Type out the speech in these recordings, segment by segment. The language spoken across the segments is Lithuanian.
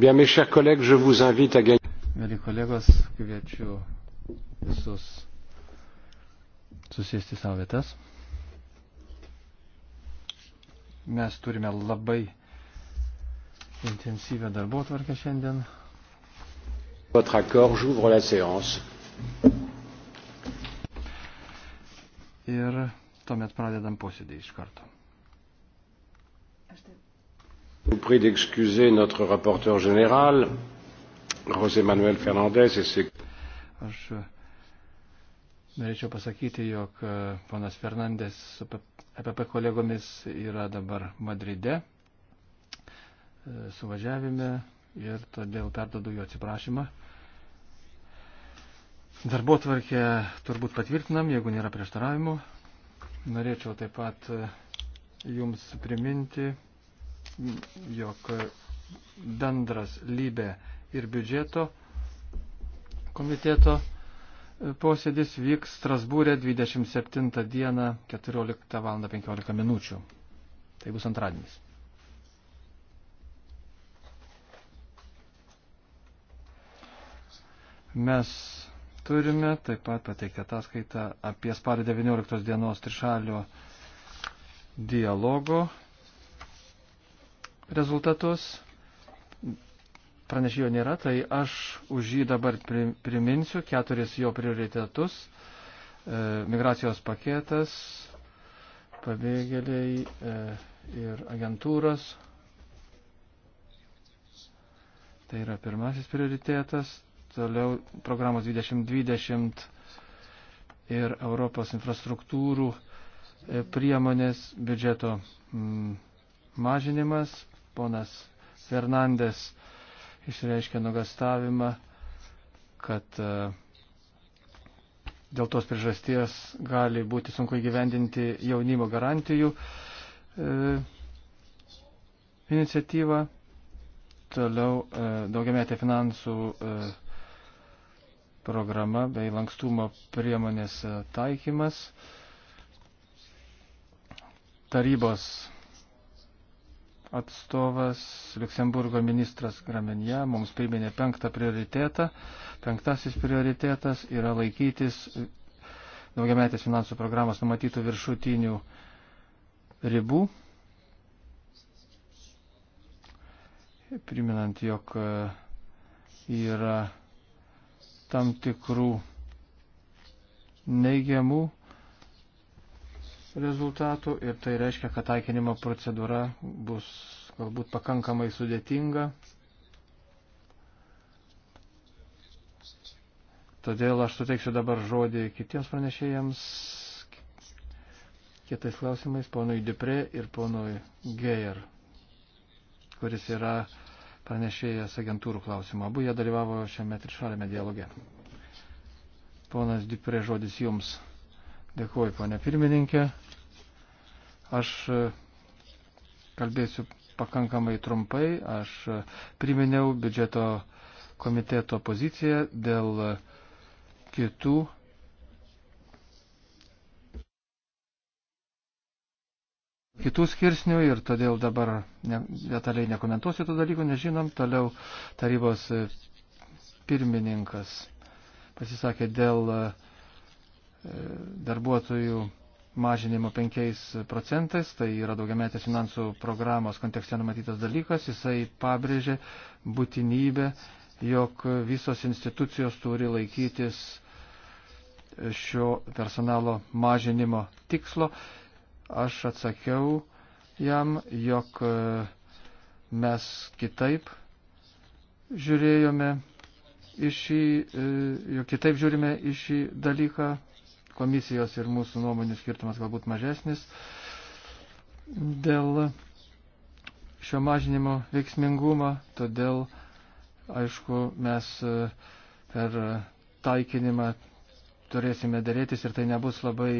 Bien, mes chers collègues, je vous invite à gagner. Mėly kolegos, kviečiu visus susėsti savo vietas. Mes turime labai intensyvę darbo tvarkę šiandien. Votre accord, j'ouvre la séance. Ir tuomet pradedam posėdį iš karto. Aš e, norėčiau pasakyti, jog e, ponas Fernandės su EPP kolegomis yra dabar Madride e, suvažiavime ir todėl perdodu jo atsiprašymą. Darbo tvarkę turbūt patvirtinam, jeigu nėra prieštaravimų. Norėčiau taip pat Jums priminti, jog bendras lybė ir biudžeto komiteto posėdis vyks Strasbūrė 27 dieną 14 val. 15 minučių. Tai bus antradienis. Mes turime taip pat pateikti ataskaitą apie spalio 19 dienos trišalio dialogo rezultatus. Pranešėjo nėra, tai aš už jį dabar priminsiu keturis jo prioritetus. E, migracijos paketas, pabėgėliai e, ir agentūros. Tai yra pirmasis prioritetas. Toliau programos 2020 ir Europos infrastruktūrų e, priemonės biudžeto mažinimas, Ponas Fernandes išreiškė nugastavimą, kad e, dėl tos priežasties gali būti sunku įgyvendinti jaunimo garantijų e, iniciatyvą. Toliau e, daugiametė finansų programa bei lankstumo priemonės taikymas. Tarybos atstovas, Luksemburgo ministras Gramenje, mums priminė penktą prioritetą. Penktasis prioritetas yra laikytis daugiametės finansų programos numatytų viršutinių ribų. Priminant, jog e, yra tam tikrų neigiamų rezultatų ir tai reiškia, kad taikinimo procedūra bus galbūt pakankamai sudėtinga. Todėl aš suteiksiu dabar žodį kitiems pranešėjams, kitais klausimais, ponui Dipre ir ponui Geyer, kuris yra pranešėjas agentūrų klausimo. Abu jie dalyvavo šiame trišalėme dialoge. Ponas Dipre, žodis jums. Dėkuoju, ponė pirmininkė. Aš e, kalbėsiu pakankamai trumpai. Aš e, priminiau biudžeto komiteto poziciją dėl e, kitų. Kitų skirsnių ir todėl dabar ne, detaliai nekomentuosiu to dalyko, nežinom. Toliau tarybos pirmininkas pasisakė dėl uh, darbuotojų mažinimo 5 procentais, tai yra daugiametės finansų programos kontekste numatytas dalykas, jisai pabrėžė būtinybę, jog visos institucijos turi laikytis šio personalo mažinimo tikslo. Aš atsakiau jam, jog e, mes kitaip žiūrėjome iš šį, e, jog kitaip žiūrime iš šį dalyką komisijos ir mūsų nuomonių skirtumas galbūt mažesnis. Dėl šio mažinimo veiksmingumą, todėl, aišku, mes e, per taikinimą turėsime dėrėtis ir tai nebus labai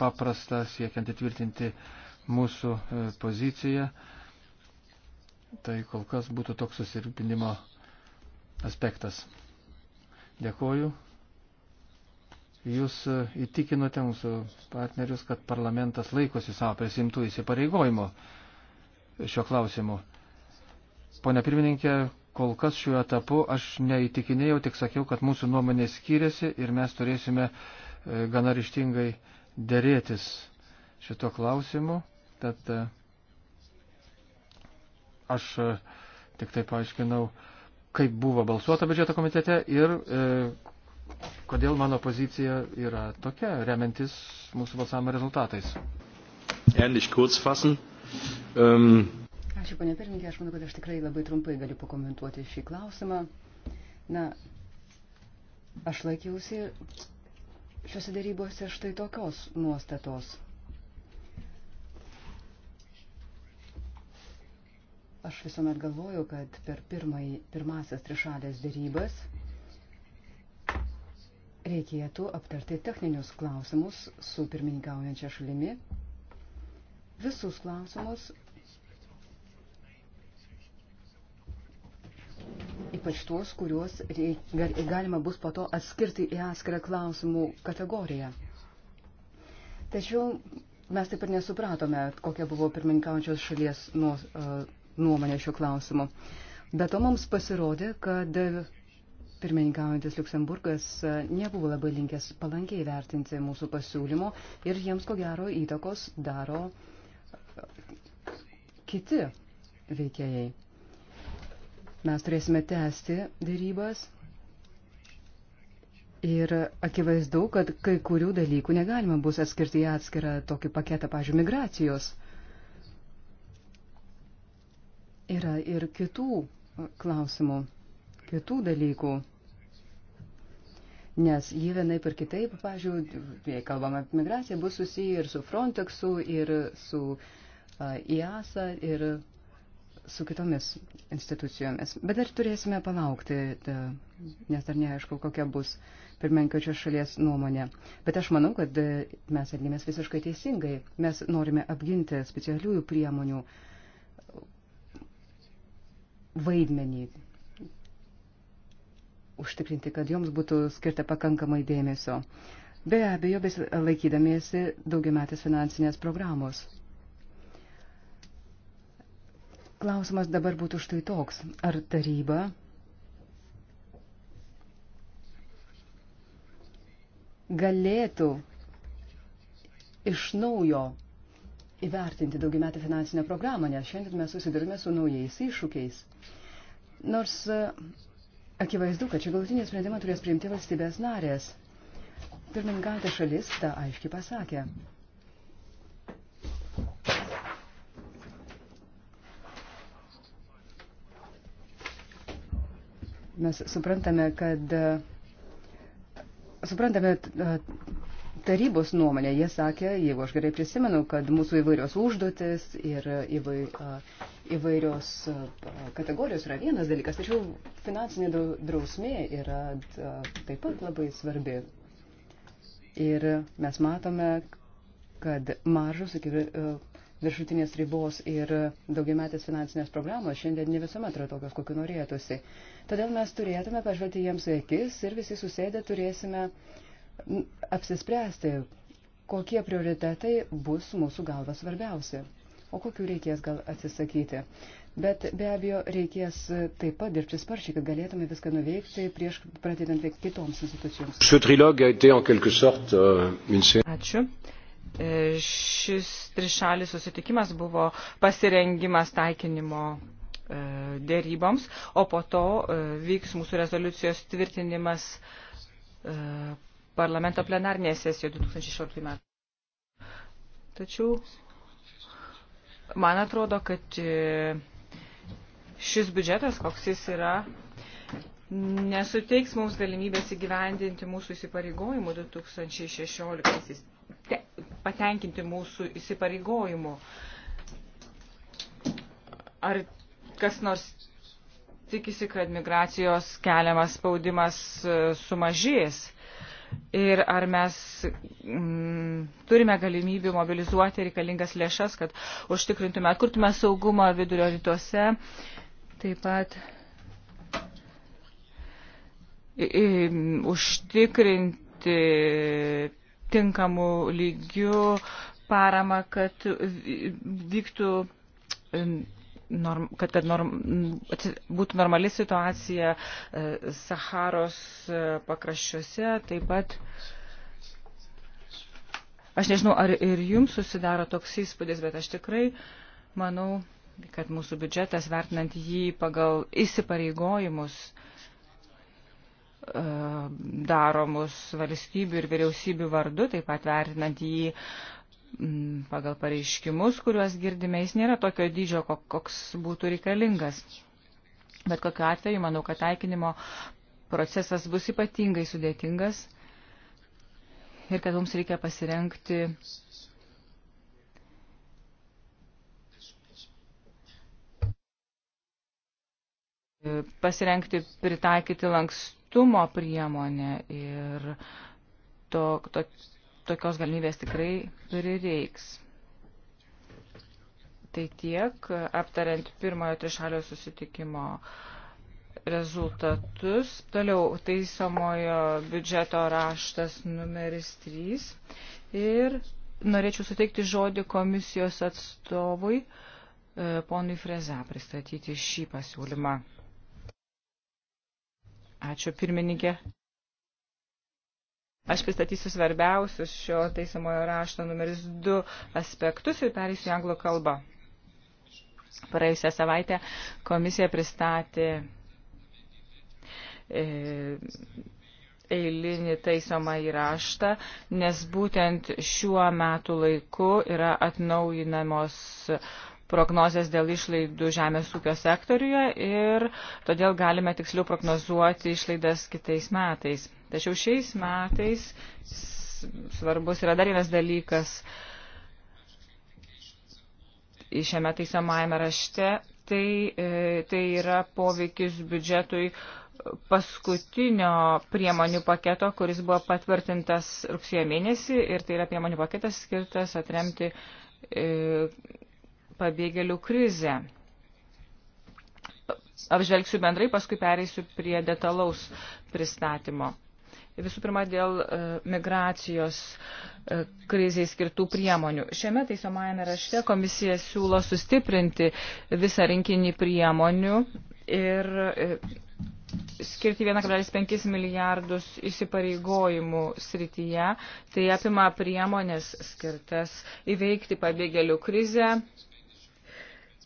paprasta siekiant įtvirtinti mūsų e, poziciją. Tai kol kas būtų toks susirūpinimo aspektas. Dėkoju. Jūs e, įtikinote mūsų partnerius, kad parlamentas laikosi savo prisimtų įsipareigojimo šio klausimu. Pone pirmininkė, kol kas šiuo etapu aš neįtikinėjau, tik sakiau, kad mūsų nuomonė skiriasi ir mes turėsime e, gana ryštingai dėrėtis šito klausimu. Tad e, aš tik tai paaiškinau, kaip buvo balsuota biudžeto komitete ir e, kodėl mano pozicija yra tokia, remiantis mūsų balsavimo rezultatais. Ähnlich kurz fassen. Ähm. Ačiū, ponė pirmininkė, aš manau, kad aš tikrai labai trumpai galiu pakomentuoti šį klausimą. Na, aš laikiausi šiuose darybose štai tokios nuostatos. Aš visuomet galvoju, kad per pirmąjį, pirmasias trišalės darybas reikėtų aptarti techninius klausimus su pirmininkaujančia šalimi. Visus klausimus, ypač tuos, kuriuos reik, galima bus po to atskirti į atskirą klausimų kategoriją. Tačiau mes taip ir nesupratome, kokia buvo pirmininkaujančios šalies nuomonė šiuo klausimu. Bet to mums pasirodė, kad Pirmininkaujantis Luksemburgas e, nebuvo labai linkęs palankiai vertinti mūsų pasiūlymų ir jiems ko gero įtakos daro e, kiti veikėjai. Mes turėsime tęsti dėrybas ir akivaizdu, kad kai kurių dalykų negalima bus atskirti į atskirą tokį paketą, pažiūrėjau, migracijos. Yra ir kitų e, klausimų, kitų dalykų nes jį vienai per kitaip, pažiūrėjau, jei kalbame apie migraciją, bus susiję ir su Frontexu, ir su uh, IASA, ir su kitomis institucijomis. Bet dar turėsime palaukti, da, nes dar neaišku, kokia bus pirmenkačios šalies nuomonė. Bet aš manau, kad e, mes elgėmės visiškai teisingai. Mes norime apginti specialiųjų priemonių vaidmenį užtikrinti, kad joms būtų skirta pakankamai dėmesio. Be abejo, bes laikydamiesi daugiametės finansinės programos. Klausimas dabar būtų štai toks. Ar taryba galėtų iš naujo įvertinti daugiametę finansinę programą, nes šiandien mes susidurime su naujais iššūkiais. Nors Akivaizdu, kad čia galutinį sprendimą turės priimti valstybės narės. Pirmininkantė šalis tą aiškiai pasakė. Mes suprantame, kad suprantame tarybos nuomonę. Jie sakė, jeigu aš gerai prisimenu, kad mūsų įvairios užduotis ir įvairios kategorijos yra vienas dalykas, tačiau finansinė drausmė yra taip pat labai svarbi. Ir mes matome, kad maržus iki viršutinės ribos ir daugiametės finansinės programos šiandien ne visuomet yra tokios, kokiu norėtųsi. Todėl mes turėtume pažvelgti jiems akis ir visi susėdę turėsime uh, apsispręsti, kokie prioritetai bus mūsų galva svarbiausi, o kokių reikės gal atsisakyti. Bet be abejo, reikės taip pat dirbti sparčiai, kad galėtume viską nuveikti prieš pradedant veikti kitoms institucijoms. Euh, Ačiū. E, šis trišalis susitikimas buvo pasirengimas taikinimo e, dėryboms, o po to e, vyks mūsų rezoliucijos tvirtinimas parlamento plenarnėje sesijoje 2016 metų. Tačiau man atrodo, kad e, šis biudžetas, koks jis yra, nesuteiks mums galimybės įgyvendinti mūsų įsipareigojimų 2016, te, patenkinti mūsų įsipareigojimų. Ar kas nors tikisi, kad migracijos keliamas spaudimas e, sumažės? ir ar mes mm, turime galimybių mobilizuoti reikalingas lėšas, kad užtikrintume, atkurtume saugumą vidurio rytuose. Taip pat i, i, užtikrinti tinkamų lygių paramą, kad vyktų norm, kad, kad norm, būtų normali situacija e, Saharos e, pakraščiuose, taip pat. Aš nežinau, ar ir jums susidaro toks įspūdis, bet aš tikrai manau, kad mūsų biudžetas, vertinant jį pagal įsipareigojimus e, daromus valstybių ir vyriausybių vardu, taip pat vertinant jį Mm, pagal pareiškimus, kuriuos girdime, jis nėra tokio dydžio, koks būtų reikalingas. Bet kokiu atveju, manau, kad taikinimo procesas bus ypatingai sudėtingas ir kad mums reikia pasirenkti pasirenkti pritaikyti lankstumo priemonę ir to, to, tokios galimybės tikrai prireiks. Tai tiek, aptariant pirmojo trišalio susitikimo rezultatus. Toliau taisomojo biudžeto raštas numeris 3. Ir norėčiau suteikti žodį komisijos atstovui e, ponui Freza pristatyti šį pasiūlymą. Ačiū pirmininkė. Aš pristatysiu svarbiausius šio teisamojo rašto numeris 2 aspektus ir perėsiu į anglų kalbą. Praėjusią savaitę komisija pristatė e, eilinį taisomą įraštą, nes būtent šiuo metu laiku yra atnaujinamos uh, prognozes dėl išlaidų žemės ūkio sektoriuje ir todėl galime tiksliau prognozuoti išlaidas kitais metais. Tačiau šiais metais svarbus yra dar vienas dalykas šiame taisamajame rašte, tai, e, tai yra poveikis biudžetui paskutinio priemonių paketo, kuris buvo patvirtintas rugsėjo mėnesį ir tai yra priemonių paketas skirtas atremti e, pabėgėlių krizę. Apžvelgsiu bendrai, paskui pereisiu prie detalaus pristatymo. Visų pirma, dėl e, migracijos e, kriziai skirtų priemonių. Šiame taisomajame rašte komisija siūlo sustiprinti visą rinkinį priemonių ir e, skirti 1,5 milijardus įsipareigojimų srityje. Tai apima priemonės skirtas įveikti pabėgėlių krizę,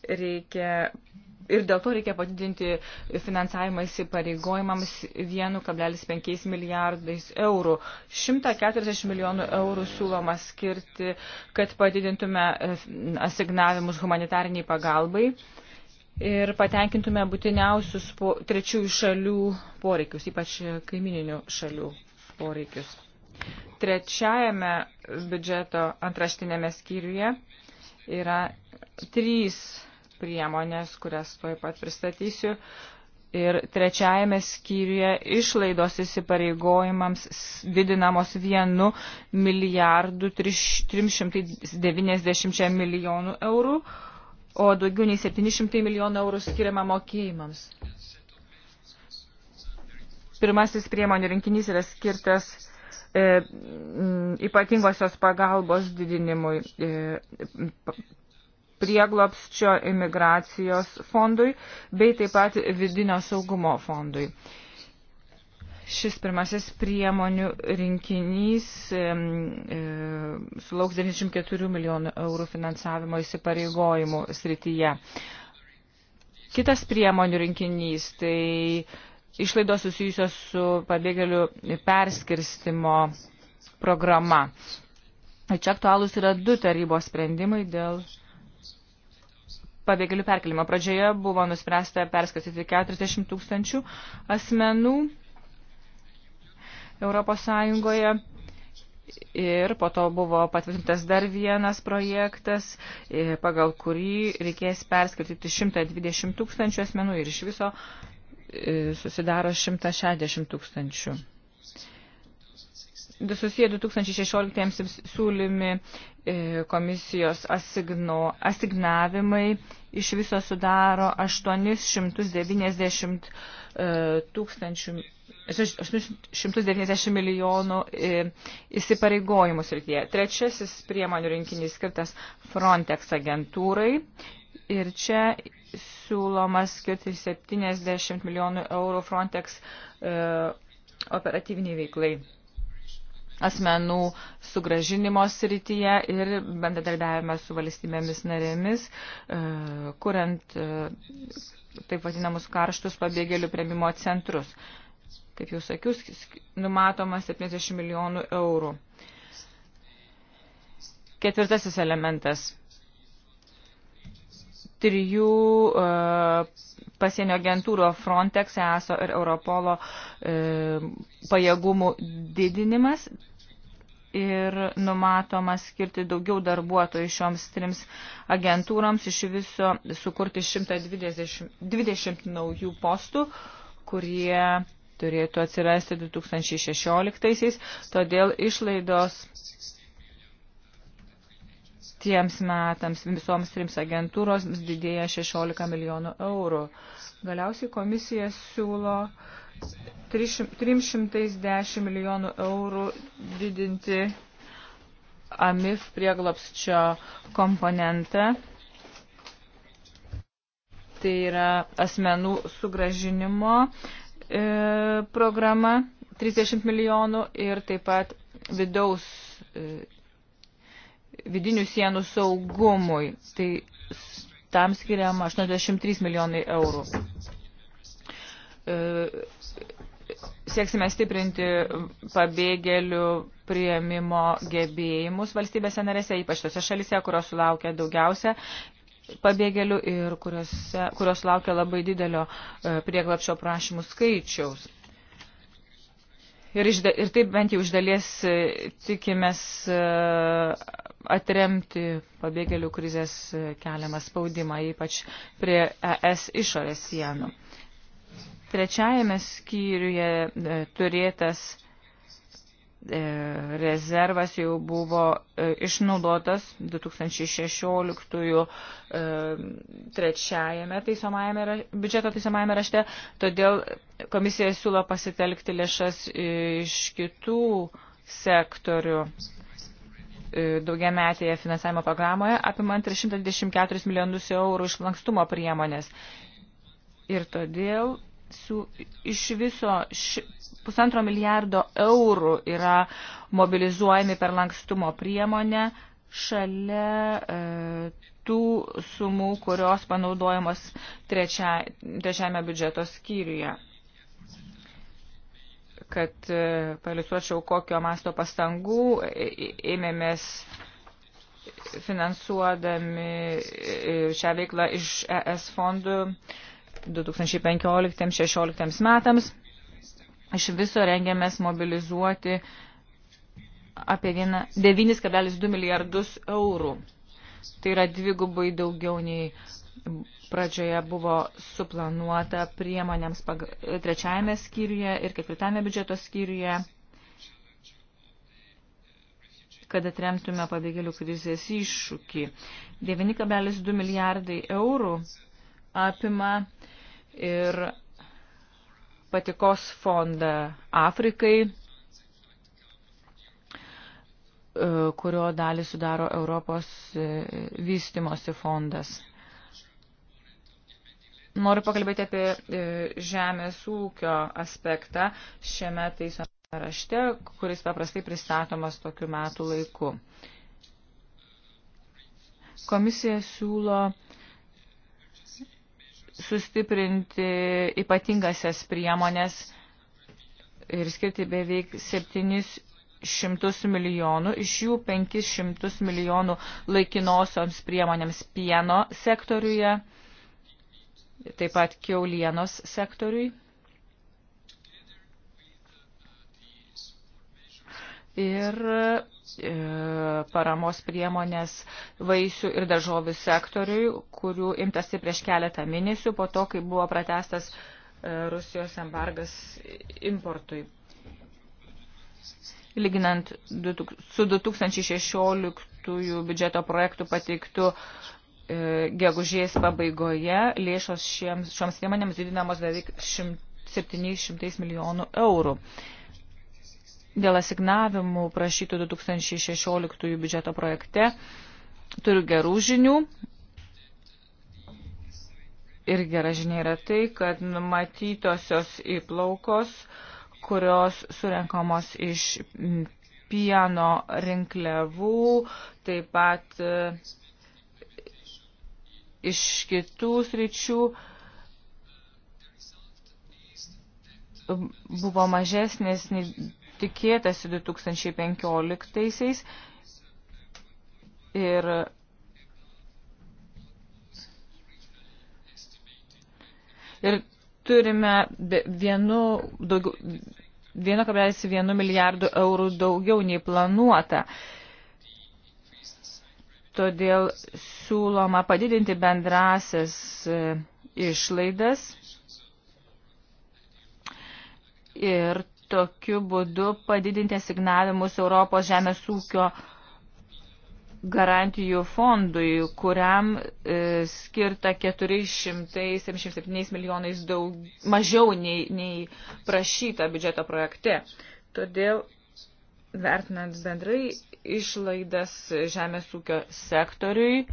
reikia ir dėl to reikia padidinti finansavimą įsipareigojimams 1,5 milijardais eurų. 140 milijonų eurų siūloma skirti, kad padidintume e, asignavimus humanitariniai pagalbai ir patenkintume būtiniausius po, trečiųjų šalių poreikius, ypač kaimininių šalių poreikius. Trečiajame biudžeto antraštinėme skyriuje yra trys priemonės, kurias tuoj pat pristatysiu. Ir trečiajame skyriuje išlaidos įsipareigojimams didinamos 1 milijardų 390 milijonų eurų, o daugiau nei 700 milijonų eurų skiriama mokėjimams. Pirmasis priemonių rinkinys yra skirtas e, ypatingosios pagalbos didinimui, e, prieglopščio imigracijos fondui bei taip pat vidinio saugumo fondui. Šis pirmasis priemonių rinkinys e, e, sulauks 94 milijonų eurų finansavimo įsipareigojimų srityje. Kitas priemonių rinkinys tai išlaidos susijusios su pabėgėlių perskirstimo programa. Čia aktualūs yra du tarybos sprendimai dėl pabėgėlių perkelimą. Pradžioje buvo nuspręsta perskatyti 40 tūkstančių asmenų Europos Sąjungoje. Ir po to buvo patvirtintas dar vienas projektas, e, pagal kurį reikės perskirtyti 120 tūkstančių asmenų ir iš viso e, susidaro 160 tūkstančių susiję 2016 siūlymi e, komisijos asigno, asignavimai iš viso sudaro 890 e, tūkstančių 890 milijonų e, įsipareigojimų srityje. Trečiasis priemonių rinkinys skirtas Frontex agentūrai ir čia siūloma skirti 70 milijonų eurų Frontex operatyviniai veiklai asmenų sugražinimo srityje ir bendradarbiavime su valstybėmis narėmis, e, kuriant e, taip vadinamus karštus pabėgėlių prieimimo centrus. Kaip jau sakiau, numatoma 70 milijonų eurų. Ketvirtasis elementas trijų e, pasienio agentūrų Frontex, ESO ir Europolo e, pajėgumų didinimas ir numatoma skirti daugiau darbuotojų šioms trims agentūroms, iš viso sukurti 120 20 naujų postų, kurie turėtų atsirasti 2016-aisiais, todėl išlaidos tiems metams visoms trims agentūros didėja 16 milijonų eurų. Galiausiai komisija siūlo 310 milijonų eurų didinti AMIF prieglopsčio komponentą. Tai yra asmenų sugražinimo e, programa 30 milijonų ir taip pat vidaus e, vidinių sienų saugumui. Tai tam skiriam 83 milijonai eurų. E, sieksime stiprinti pabėgėlių prieimimo gebėjimus valstybėse narėse, ypač tose šalise, kurios sulaukia daugiausia pabėgėlių ir kuriuose, kurios laukia labai didelio e, prieglapšio prašymų skaičiaus. Ir, iš, ir taip bent jau iš dalies e, tikimės atremti pabėgėlių krizės keliamą spaudimą, ypač prie ES išorės sienų. Trečiajame skyriuje e, turėtas e, rezervas jau buvo e, išnaudotas 2016 trečiajame taisomajame, biudžeto taisomajame rašte, todėl komisija siūlo pasitelkti lėšas iš kitų sektorių. E, daugiametėje finansavimo programoje apimant 324 milijonus eurų iš lankstumo priemonės. Ir todėl su, iš viso š, pusantro milijardo eurų yra mobilizuojami per lankstumo priemonę šalia e, tų sumų, kurios panaudojamos trečia, trečiame biudžeto skyriuje kad e, paliusuočiau, kokio masto pastangų e, e, ėmėmės finansuodami šią veiklą iš ES fondų 2015-2016 metams. Iš viso rengiamės mobilizuoti apie 9,2 milijardus eurų. Tai yra dvigubai daugiau nei pradžioje buvo suplanuota priemonėms trečiajame skyriuje ir ketvirtame biudžeto skyriuje, kad atremtume pabėgėlių krizės iššūkį. 9,2 milijardai eurų apima ir patikos fondą Afrikai, e, kurio dalį sudaro Europos e, vystimosi fondas. Noriu pakalbėti apie e, žemės ūkio aspektą šiame teisome rašte, kuris paprastai pristatomas tokiu metų laiku. Komisija siūlo sustiprinti ypatingasias priemonės ir skirti beveik 700 milijonų, iš jų 500 milijonų laikinosioms priemonėms pieno sektoriuje taip pat kiaulienos sektoriui. Ir e, paramos priemonės vaisių ir daržovių sektoriui, kurių imtasi prieš keletą mėnesių po to, kai buvo pratestas e, Rusijos embargas importui. Lyginant su 2016 biudžeto projektų pateiktų E, gegužės pabaigoje lėšos šiems, šioms priemonėms didinamos beveik 700 milijonų eurų. Dėl asignavimų prašytų 2016 biudžeto projekte turiu gerų žinių. Ir gera žinia yra tai, kad numatytosios įplaukos, kurios surenkamos iš pieno rinkliavų, taip pat iš kitų sričių buvo mažesnės nei tikėtasi 2015-aisiais ir ir turime vienu daugiau 1,1 milijardų eurų daugiau nei planuota. Uh, Todėl siūloma padidinti bendrasias e, išlaidas ir tokiu būdu padidinti asignavimus Europos žemės ūkio garantijų fondui, kuriam e, skirta 477 milijonais daug, mažiau nei, nei prašyta biudžeto projekte. Todėl vertinant bendrai išlaidas žemės ūkio sektoriui,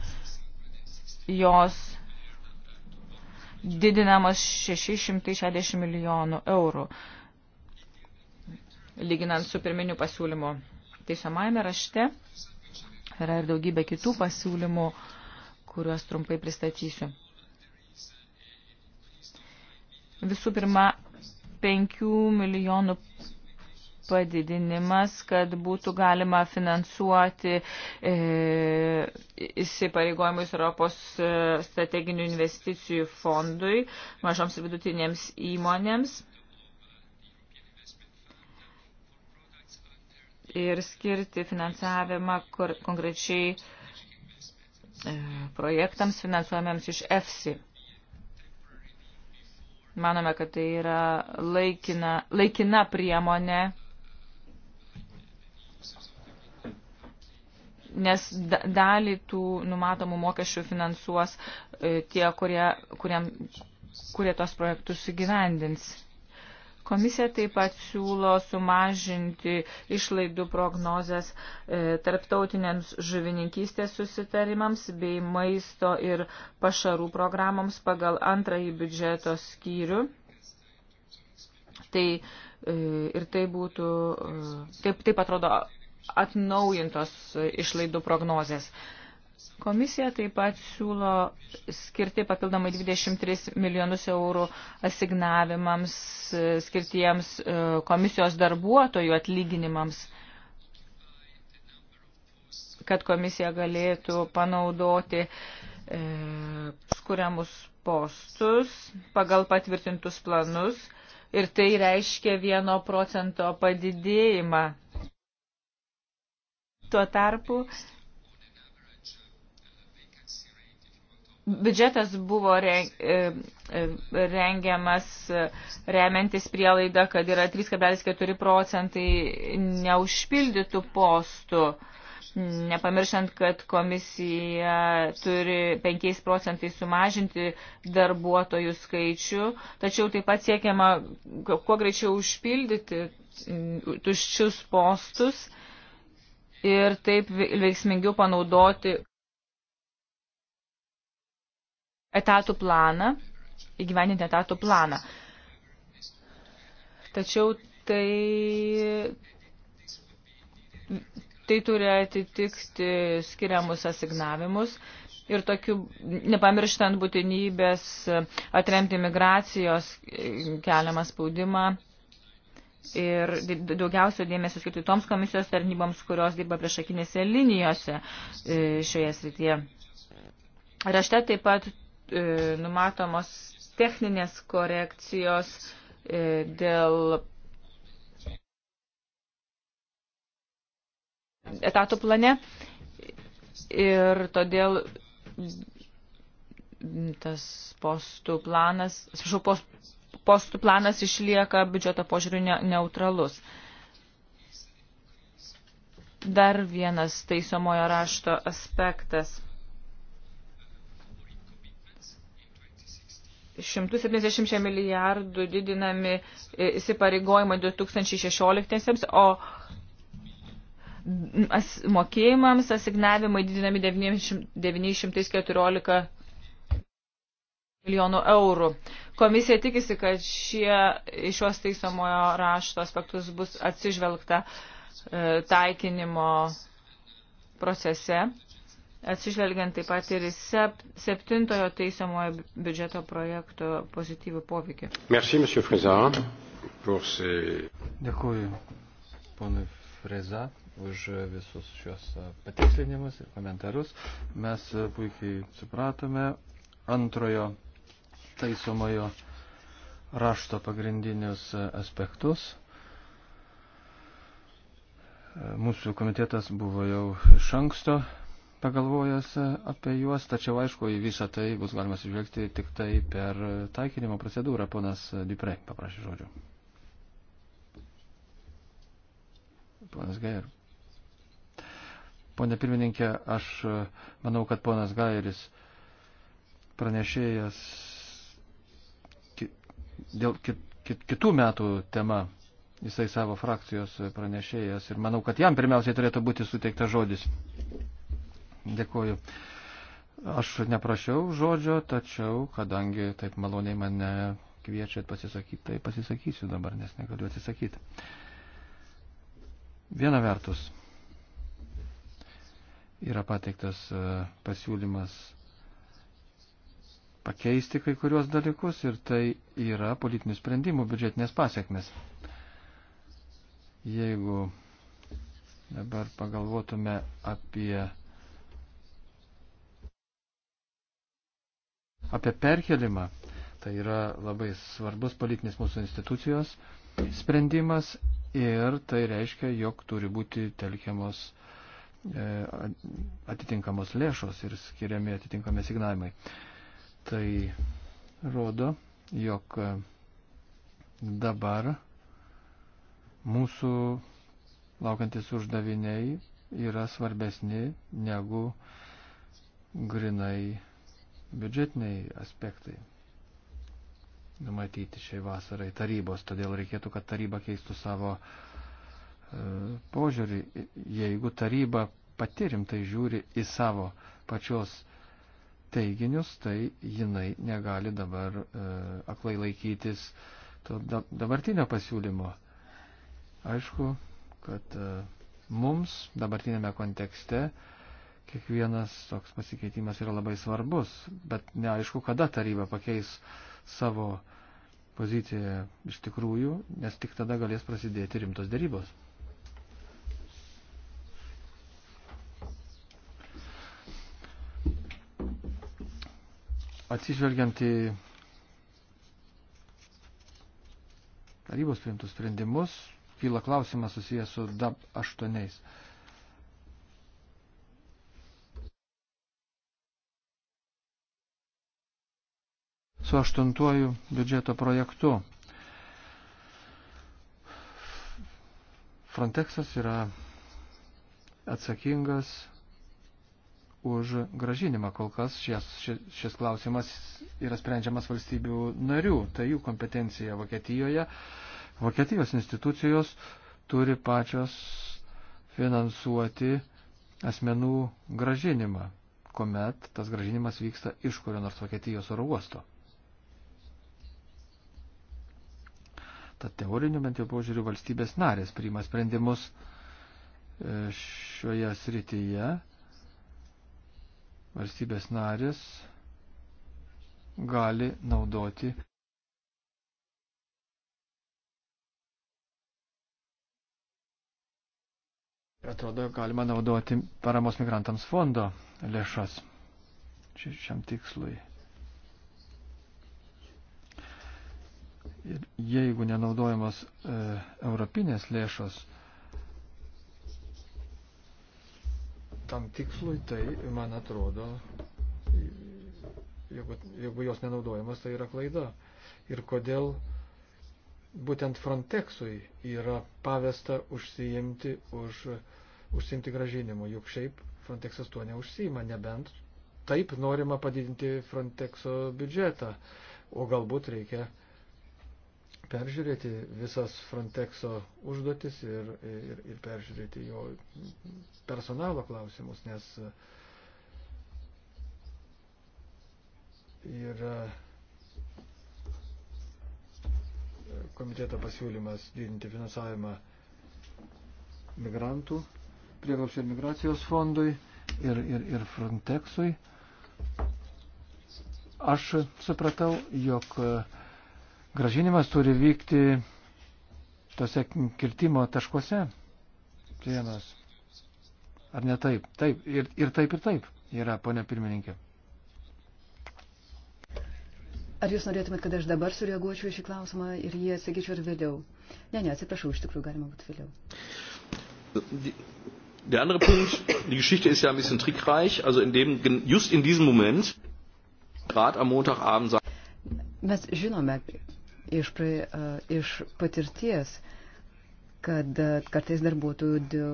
jos didinamas 660 milijonų eurų, lyginant su pirminiu pasiūlymu. Teisomajame rašte yra ir daugybė kitų pasiūlymų, kuriuos trumpai pristatysiu. Visų pirma, 5 milijonų padidinimas, kad būtų galima finansuoti e, įsipareigojimus Europos e, strateginių investicijų fondui mažoms ir vidutinėms įmonėms. Ir skirti finansavimą konkrečiai e, projektams finansuojamiems iš EFSI. Manome, kad tai yra laikina, laikina priemonė nes dalį tų numatomų mokesčių finansuos e, tie, kurie, kuriem, kurie tos projektus įgyvendins. Komisija taip pat siūlo sumažinti išlaidų prognozes e, tarptautiniams žuvininkystės susitarimams bei maisto ir pašarų programoms pagal antrąjį biudžeto skyrių. Tai e, ir tai būtų, e, taip, taip atrodo atnaujintos išlaidų prognozės. Komisija taip pat siūlo skirti papildomai 23 milijonus eurų asignavimams e, skirtiems e, komisijos darbuotojų atlyginimams, kad komisija galėtų panaudoti e, skuriamus postus pagal patvirtintus planus ir tai reiškia vieno procento padidėjimą Tuo tarpu biudžetas buvo e, e, rengiamas e, remiantis prielaida, kad yra 3,4 procentai neužpildytų postų. Nepamirštant, kad komisija turi 5 procentai sumažinti darbuotojų skaičių, tačiau taip pat siekiama kuo greičiau užpildyti tuščius postus ir taip veiksmingiau panaudoti etatų planą, įgyveninti etatų planą. Tačiau tai, tai turi atitikti skiriamus asignavimus ir tokiu, nepamirštant būtinybės atremti migracijos keliamą spaudimą ir daugiausia dėmesio skirti toms komisijos tarnyboms, kurios dirba priešakinėse linijose e, šioje srityje. Rašte taip pat e, numatomos techninės korekcijos e, dėl etatų plane ir todėl tas postų planas, atsiprašau, post, postų planas išlieka biudžeto požiūriu ne, neutralus. Dar vienas teisomojo rašto aspektas. 176 milijardų didinami įsipareigojimai 2016, o as, mokėjimams asignavimai didinami 914 milijonų eurų. Komisija tikisi, kad šie šios teisamojo rašto aspektus bus atsižvelgta e, taikinimo procese, atsižvelgiant taip pat ir sep, septintojo teisamojo biudžeto projekto pozityvų poveikį. Merci, monsieur Freza, pour ces... Dėkuoju, ponui Freza, už visus šios patikslinimus ir komentarus. Mes puikiai supratome antrojo taisomojo rašto pagrindinius aspektus. Mūsų komitetas buvo jau iš anksto pagalvojęs apie juos, tačiau aišku, į visą tai bus galima sižvelgti tik tai per taikinimo procedūrą. Ponas Dupre paprašė žodžių. Ponas Gair. Pone pirmininkė, aš manau, kad ponas Gairis pranešėjas dėl kit, kit, kitų metų tema jisai savo frakcijos pranešėjas ir manau, kad jam pirmiausiai turėtų būti suteikta žodis. Dėkuoju. Aš neprašiau žodžio, tačiau, kadangi taip maloniai mane kviečiat pasisakyti, tai pasisakysiu dabar, nes negaliu atsisakyti. Viena vertus yra pateiktas e, pasiūlymas pakeisti kai kurios dalykus ir tai yra politinių sprendimų biudžetinės pasiekmes. Jeigu dabar pagalvotume apie, apie perkelimą, tai yra labai svarbus politinis mūsų institucijos sprendimas ir tai reiškia, jog turi būti telkiamos e, atitinkamos lėšos ir skiriami atitinkami signavimai. Tai rodo, jog dabar mūsų laukiantis uždaviniai yra svarbesni negu grinai biudžetiniai aspektai numatyti šiai vasarai tarybos, todėl reikėtų, kad taryba keistų savo e, požiūrį, jeigu taryba pati rimtai žiūri į savo pačios teiginius, tai jinai negali dabar e, aklai laikytis to dabartinio pasiūlymo. Aišku, kad e, mums dabartinėme kontekste kiekvienas toks pasikeitimas yra labai svarbus, bet neaišku, kada taryba pakeis savo poziciją iš tikrųjų, nes tik tada galės prasidėti rimtos dėrybos. Atsižvelgiant į tarybos priimtus sprendimus, kyla klausimas susijęs su DAB 8. Su aštuntuoju biudžeto projektu. Frontexas yra atsakingas už gražinimą. Kol kas šis, šis, šis klausimas yra sprendžiamas valstybių narių, tai jų kompetencija Vokietijoje. Vokietijos institucijos turi pačios finansuoti asmenų gražinimą, kuomet tas gražinimas vyksta iš kurio nors Vokietijos oro uosto. Tad teoriniu bent jau požiūriu valstybės narės priima sprendimus e, šioje srityje valstybės narės gali naudoti atrodo, galima naudoti paramos migrantams fondo lėšas šiam tikslui. Ir jeigu nenaudojamos e, europinės lėšos, tam tikslui, tai, man atrodo, jeigu, jeigu jos nenaudojamas, tai yra klaida. Ir kodėl būtent Frontexui yra pavesta užsiimti, už, užsiimti gražinimu, juk šiaip Frontexas tuo neužsima, nebent taip norima padidinti Frontexo biudžetą, o galbūt reikia peržiūrėti visas Frontexo užduotis ir, ir, ir peržiūrėti jo personalo klausimus, nes yra komiteto pasiūlymas didinti finansavimą migrantų, prieglapšio ir migracijos fondui ir, ir, ir Frontexui. Aš supratau, jog uh, gražinimas turi vykti tose kirtimo taškuose sienos. Ar ne taip? Taip, ir, ir taip, ir taip yra, ponia pirmininkė. Ar jūs norėtumėt, kad aš dabar sureaguočiau šį klausimą ir jį atsakyčiau ir vėliau? Ne, ne, atsiprašau, iš tikrųjų galima būti vėliau. Der andere Punkt, die Geschichte ist ja ein bisschen trickreich, also in dem, just in diesem Moment, gerade am Montagabend sagt. Mes žinome, iš, prie, iš patirties, kad kartais darbuotojų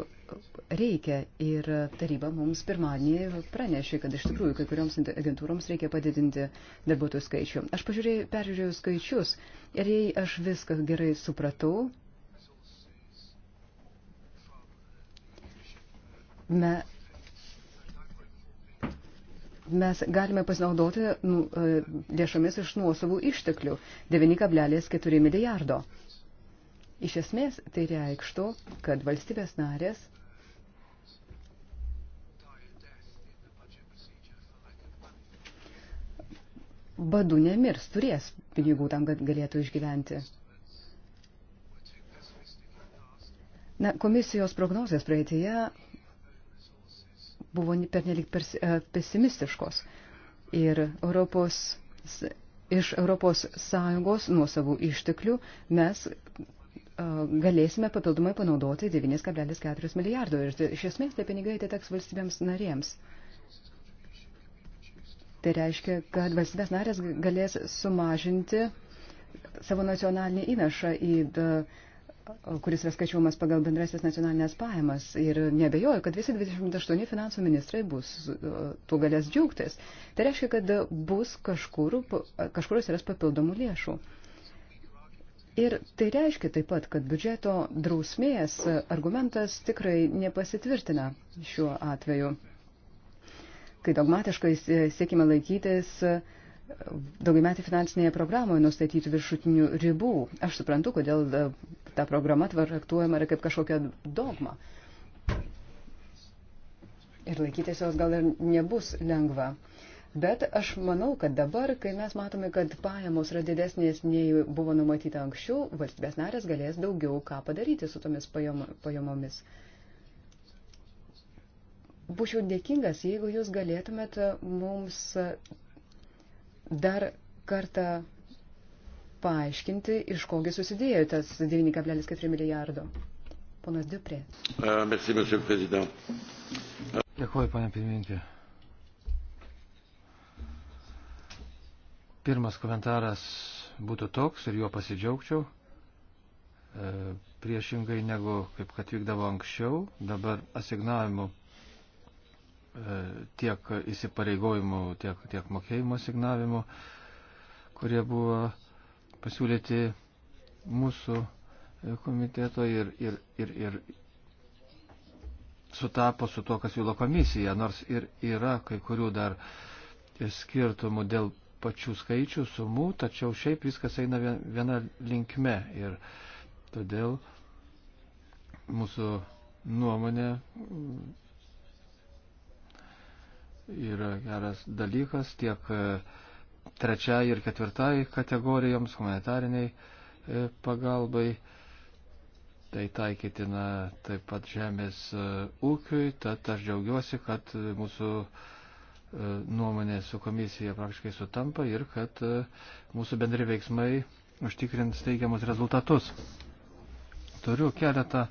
reikia ir taryba mums pirmadienį pranešė, kad iš tikrųjų kai kurioms agentūroms reikia padidinti darbuotojų skaičių. Aš pažiūrėjau, peržiūrėjau skaičius ir jei aš viską gerai supratau, me, mes galime pasinaudoti nu, e, lėšomis iš nuosavų išteklių 9,4 milijardo. Iš esmės tai reikštų, kad valstybės narės badu nemirs, turės pinigų tam, kad galėtų išgyventi. Na, komisijos prognozijas praeitėje buvo pernelik e, pesimistiškos. Ir Europos, iš Europos Sąjungos nuosavų išteklių mes e, galėsime papildomai panaudoti 9,4 milijardo. Ir tai iš esmės tie pinigai atiteks valstybėms narėms. Tai reiškia, kad valstybės narės galės sumažinti savo nacionalinį įnašą į uh, kuris yra skaičiuomas pagal bendrasis nacionalinės pajamas. Ir nebejoju, kad visi 28 finansų ministrai bus, e, tuo galės džiaugtis. Tai reiškia, kad bus kažkur, kažkur atsiras papildomų lėšų. Ir tai reiškia taip pat, kad biudžeto drausmės argumentas tikrai nepasitvirtina šiuo atveju. Kai dogmatiškai siekime laikytis daugiametį finansinėje programoje nustatyti viršutinių ribų. Aš suprantu, kodėl ta programa tvarktuojama yra kaip kažkokia dogma. Ir laikytis jos gal ir nebus lengva. Bet aš manau, kad dabar, kai mes matome, kad pajamos yra didesnės nei buvo numatyta anksčiau, valstybės narės galės daugiau ką padaryti su tomis pajamomis. Būčiau dėkingas, jeigu jūs galėtumėte mums dar kartą paaiškinti, iš kogi susidėjo tas 9,4 milijardo. Ponas Duprė. Uh, merci, monsieur le président. Dėkuoju, panė pirmininkė. Pirmas komentaras būtų toks ir juo pasidžiaugčiau. E, priešingai negu kaip kad vykdavo anksčiau, dabar asignavimų e, tiek įsipareigojimų, tiek, tiek mokėjimo signavimų, kurie buvo pasiūlyti mūsų e, komiteto ir, ir, ir, ir sutapo su to, kas siūlo komisija, nors ir yra kai kurių dar skirtumų dėl pačių skaičių, sumų, tačiau šiaip viskas eina viena linkme ir todėl mūsų nuomonė yra geras dalykas tiek uh, trečiai ir ketvirtai kategorijoms, humanitariniai e, pagalbai. Tai taikytina taip pat žemės e, ūkiui, tad aš džiaugiuosi, kad mūsų e, nuomonė su komisija praktiškai sutampa ir kad mūsų bendri veiksmai užtikrins teigiamus rezultatus. Turiu keletą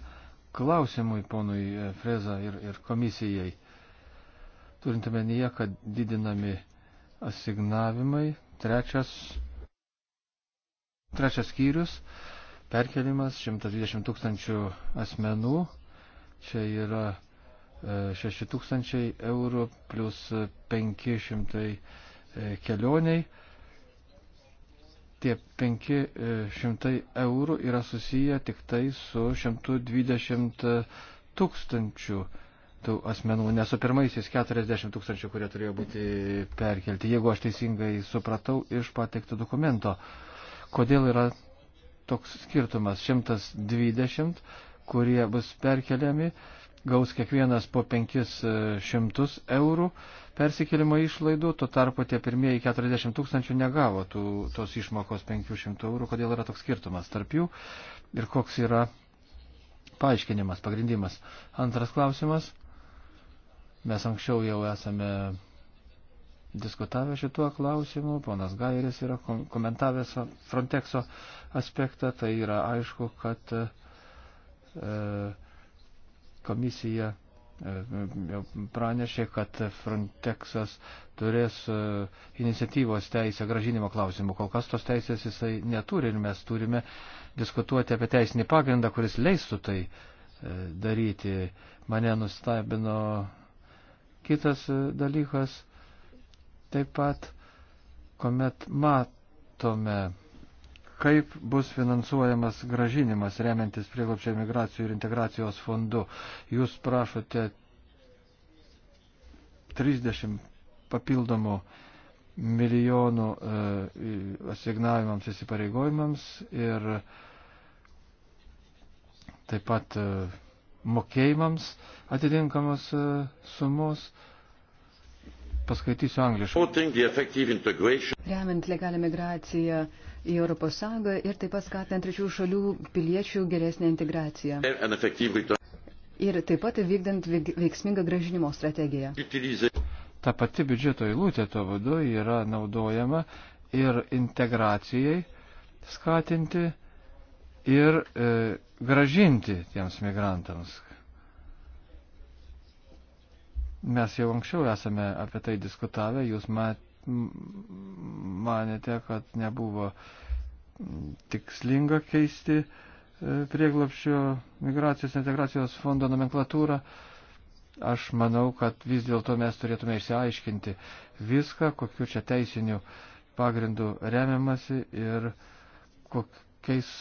klausimui ponui Freza ir, ir komisijai. Turintumenyje, kad didinami asignavimai, trečias, trečias skyrius, perkelimas 120 tūkstančių asmenų, čia yra 6 e, tūkstančiai eurų plus 500 e, kelioniai. Tie 500 e, eurų yra susiję tik tai su 120 tūkstančių eurų tų asmenų, nesu pirmaisiais 40 tūkstančių, kurie turėjo būti perkelti, jeigu aš teisingai supratau iš pateikto dokumento. Kodėl yra toks skirtumas? 120, kurie bus perkeliami, gaus kiekvienas po 500 e, eurų persikėlimo išlaidų, tuo tarpu tie pirmieji 40 tūkstančių negavo tų, tos išmokos 500 eurų. Kodėl yra toks skirtumas tarp jų ir koks yra paaiškinimas, pagrindimas. Antras klausimas. Mes anksčiau jau esame diskutavę šituo klausimu, ponas Gairis yra komentavęs Frontexo aspektą, tai yra aišku, kad e, komisija e, jau pranešė, kad Frontexas turės e, iniciatyvos teisę gražinimo klausimų. Kol kas tos teisės jisai neturi ir mes turime diskutuoti apie teisinį pagrindą, kuris leistų tai e, daryti. Mane nustebino Kitas dalykas, taip pat, kuomet matome, kaip bus finansuojamas gražinimas remiantis prieglopčio migracijų ir integracijos fondu. Jūs prašote 30 papildomų milijonų e, asignavimams įsipareigojimams ir taip pat e, mokėjimams atitinkamos e, sumos. Paskaitysiu angliškai. Remiant legalią migraciją į ES ir taip pat skatinant trečių šalių piliečių geresnę integraciją. Ir taip pat vykdant veiksmingą gražinimo strategiją. Ta pati biudžeto eilutė to vadu yra naudojama ir integracijai skatinti ir e, gražinti tiems migrantams. Mes jau anksčiau esame apie tai diskutavę, jūs mat, manėte, kad nebuvo tikslinga keisti e, prieglapščio migracijos integracijos fondo nomenklatūrą. Aš manau, kad vis dėlto mes turėtume išsiaiškinti viską, kokiu čia teisiniu pagrindu remiamasi ir kokiais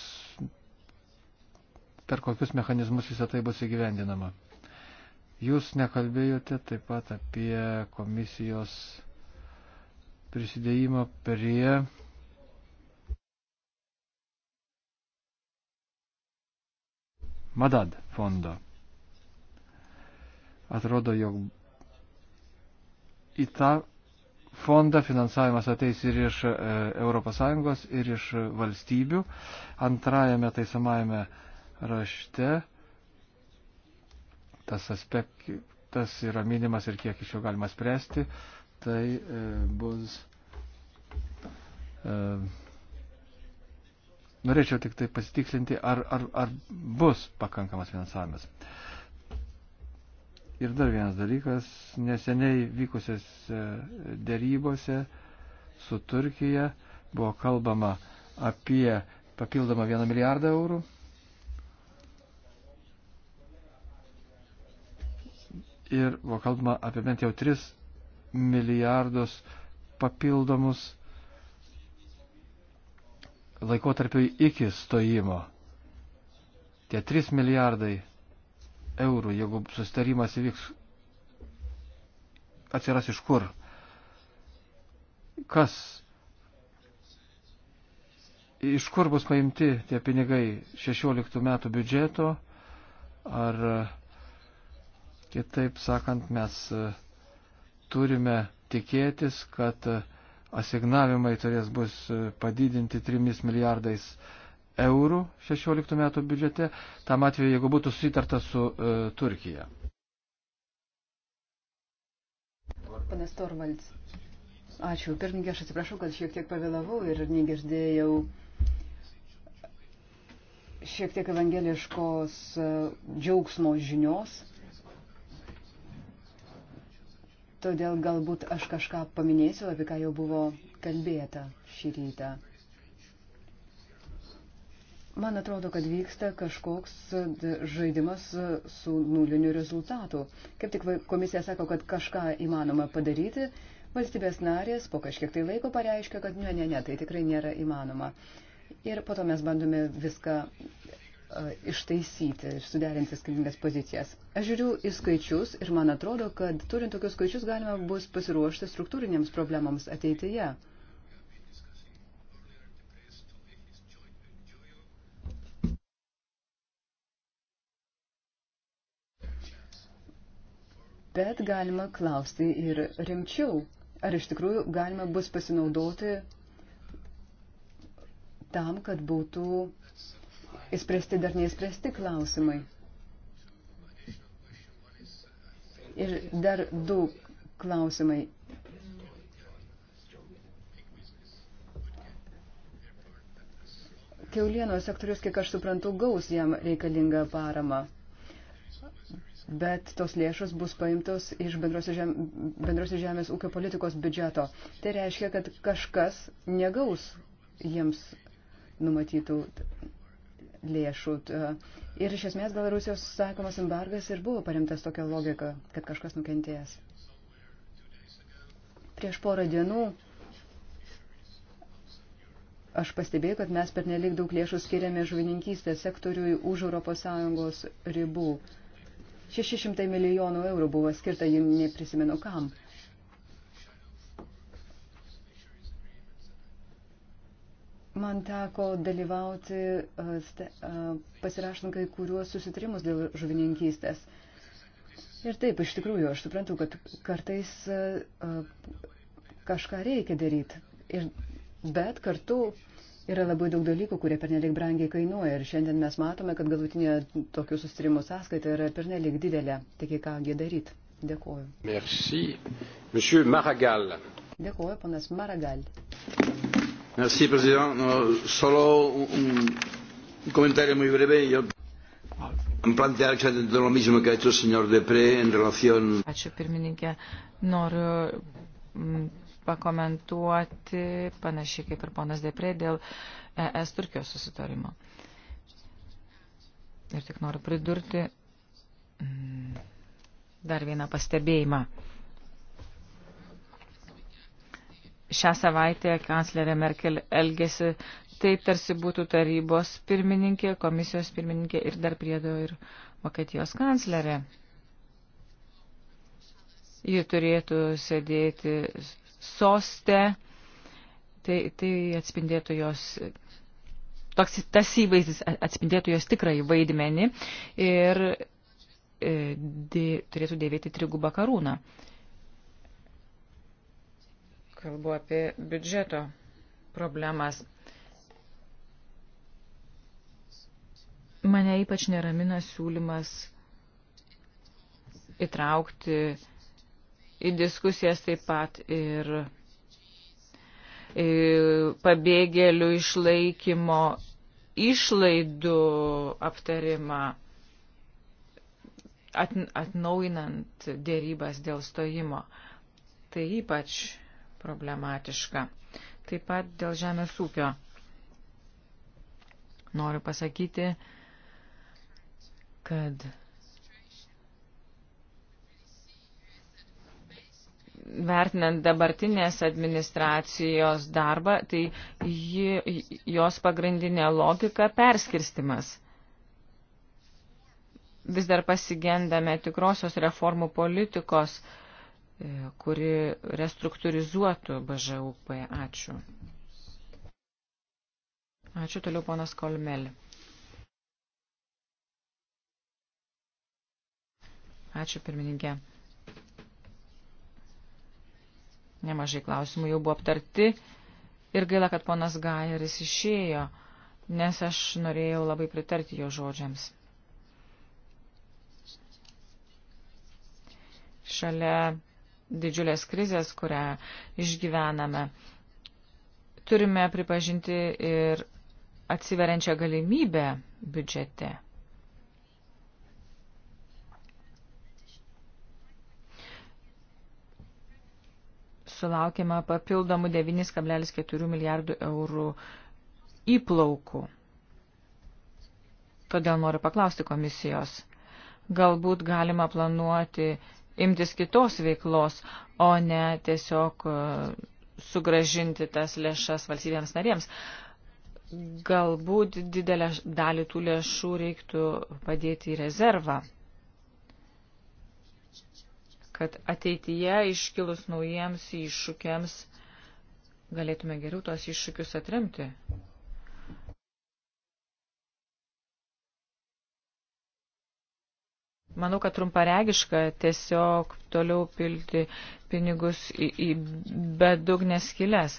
per kokius mechanizmus visą tai bus įgyvendinama. Jūs nekalbėjote taip pat apie komisijos prisidėjimą prie Madad fondo. Atrodo, jog į tą fondą finansavimas ateis ir iš ES, ir iš valstybių. Antrajame taisamajame rašte tas aspektas yra minimas ir kiek iš jo galima spręsti, tai e, bus. E, norėčiau tik tai pasitikslinti, ar, ar, ar bus pakankamas finansavimas. Ir dar vienas dalykas, neseniai vykusias dėrybose su Turkija buvo kalbama apie papildomą 1 milijardą eurų ir buvo kalbama apie bent jau 3 milijardus papildomus laikotarpiui iki stojimo. Tie 3 milijardai eurų, jeigu sustarimas įvyks, atsiras iš kur? Kas? Iš kur bus paimti tie pinigai 16 metų biudžeto? Ar Kitaip sakant, mes e, turime tikėtis, kad e, asignavimai turės bus e, padidinti 3 milijardais eurų 16 metų biudžete, tam atveju, jeigu būtų susitarta su e, Turkija. Panas Torvalds, ačiū. Pirmininkė, aš atsiprašau, kad šiek tiek pavėlavau ir negirdėjau šiek tiek evangeliškos džiaugsmo žinios todėl galbūt aš kažką paminėsiu, apie ką jau buvo kalbėta šį rytą. Man atrodo, kad vyksta kažkoks žaidimas su nuliniu rezultatu. Kaip tik komisija sako, kad kažką įmanoma padaryti, valstybės narės po kažkiek tai laiko pareiškia, kad ne, ne, ne, tai tikrai nėra įmanoma. Ir po to mes bandome viską ištaisyti ir suderinti skirtingas pozicijas. Aš žiūriu į skaičius ir man atrodo, kad turint tokius skaičius galima bus pasiruošti struktūrinėms problemams ateityje. Bet galima klausti ir rimčiau, ar iš tikrųjų galima bus pasinaudoti tam, kad būtų įspręsti dar neįspręsti klausimai. Ir dar du klausimai. Keulieno sektorius, kiek aš suprantu, gaus jam reikalingą paramą. Bet tos lėšos bus paimtos iš bendrosios žemės, bendrosios žemės ūkio politikos biudžeto. Tai reiškia, kad kažkas negaus jiems numatytų lėšų. Ir iš esmės gal Rusijos sakomas embargas ir buvo paremtas tokia logika, kad kažkas nukentėjęs. Prieš porą dienų aš pastebėjau, kad mes per nelik daug lėšų skiriame žuvininkystės sektoriui už ES ribų. 600 milijonų eurų buvo skirta, jim neprisimenu kam. Man teko dalyvauti pasirašant kai kuriuos susitarimus dėl žuvininkystės. Ir taip, iš tikrųjų, aš suprantu, kad kartais kažką reikia daryti. Ir, bet kartu yra labai daug dalykų, kurie pernelik brangiai kainuoja. Ir šiandien mes matome, kad galutinė tokių sustarimų sąskaita yra pernelik didelė. Taigi kągi daryti. Dėkuoju. Merci. Monsieur Maragal. Dėkuoju, panas Maragal. Merci, Presidente. No, solo un, un comentario muy breve. Yo plantear exactamente lo mismo que ha hecho el señor Depré en relación. Ačiū, pirmininkė. Noriu mm, pakomentuoti panašiai kaip ir ponas Deprė dėl ES Turkijos susitarimo. Ir tik noriu pridurti mm, dar vieną pastebėjimą. šią savaitę kanclerė Merkel elgėsi taip, tarsi būtų tarybos pirmininkė, komisijos pirmininkė ir dar priedo ir Vokietijos kanclerė. Ji turėtų sėdėti soste, tai, tai atspindėtų jos toks tas įvaizdis atspindėtų jos tikrąjį vaidmenį ir e, dė, turėtų dėvėti trigubą karūną. E, Kalbu apie biudžeto problemas. Mane ypač neramina siūlymas įtraukti į diskusijas taip pat ir pabėgėlių išlaikymo išlaidų aptarimą atnaujinant dėrybas dėl stojimo. Tai ypač problematiška. Taip pat dėl žemės ūkio. Noriu pasakyti, kad vertinant dabartinės administracijos darbą, tai ji, jos pagrindinė logika perskirstimas. Vis dar pasigendame tikrosios reformų politikos, E, kuri restruktūrizuotų BŽUP. Ačiū. Ačiū toliau ponas Kolmel. Ačiū pirmininkė. Nemažai klausimų jau buvo aptarti ir gaila, kad ponas Gajeris išėjo, nes aš norėjau labai pritarti jo žodžiams. Šalia didžiulės krizės, kurią išgyvename, turime pripažinti ir atsiveriančią galimybę biudžete. Sulaukėme papildomų 9,4 milijardų eurų įplaukų. Todėl noriu paklausti komisijos. Galbūt galima planuoti imtis kitos veiklos, o ne tiesiog e, sugražinti tas lėšas valstybėms narėms. Galbūt didelę dalį tų lėšų reiktų padėti į rezervą, kad ateityje iškilus naujiems iššūkiams galėtume geriau tuos iššūkius atremti. Manau, kad trumparegiška tiesiog toliau pilti pinigus į, į bedugnes skilės.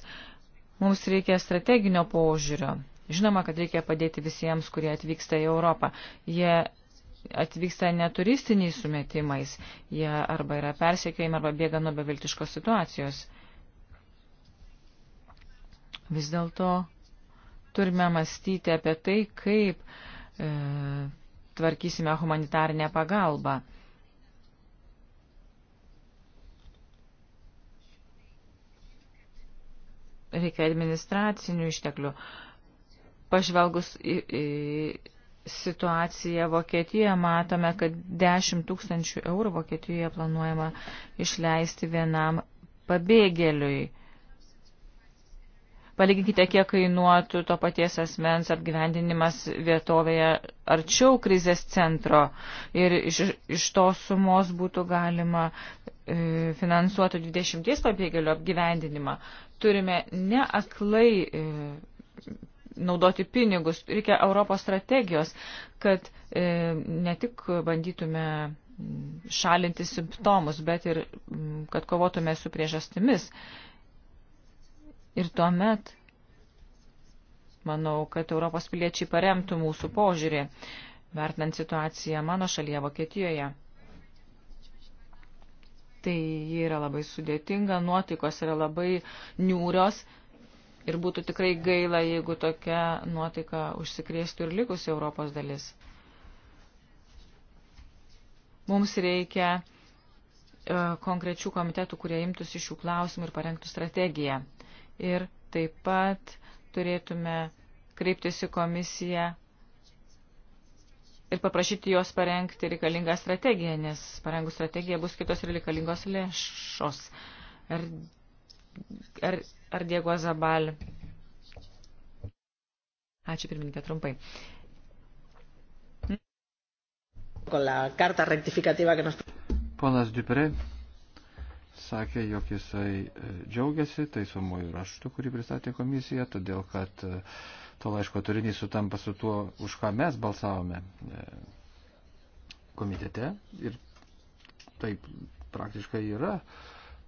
Mums reikia strateginio požiūrio. Žinoma, kad reikia padėti visiems, kurie atvyksta į Europą. Jie atvyksta neturistiniais sumetimais. Jie arba yra persiekėjami, arba bėga nuo beviltiškos situacijos. Vis dėlto turime mąstyti apie tai, kaip e, tvarkysime humanitarinę pagalbą. Reikia administracinių išteklių. Pažvelgus į, į situaciją Vokietijoje, matome, kad 10 tūkstančių eurų Vokietijoje planuojama išleisti vienam pabėgėliui. Palyginkite, kiek kainuotų to paties asmens apgyvendinimas vietovėje arčiau krizės centro ir iš, iš tos sumos būtų galima e, finansuoti 20 pabėgėlių apgyvendinimą. Turime neaklai e, naudoti pinigus, reikia Europos strategijos, kad e, ne tik bandytume šalinti simptomus, bet ir kad kovotume su priežastimis. E, Ir tuomet, manau, kad Europos piliečiai paremtų mūsų požiūrį, vertinant situaciją mano šalyje Vokietijoje. Tai yra labai sudėtinga, nuotaikos yra labai niūrios ir būtų tikrai gaila, jeigu tokia nuotaika užsikrėstų ir likusi Europos dalis. Mums reikia e, konkrečių komitetų, kurie imtųsi šių klausimų ir parengtų strategiją ir taip pat turėtume kreiptis į komisiją ir paprašyti jos parengti reikalingą strategiją, nes parengų strategija bus kitos ir reikalingos lėšos. Ar, ar, ar Diego Zabal? Ačiū pirmininkė trumpai. Ponas Dupre, sakė, jog jisai e, džiaugiasi taisomųjų raštų, kurį pristatė komisija, todėl kad e, to laiško turinys sutampa su tuo, už ką mes balsavome e, komitete. Ir taip praktiškai yra,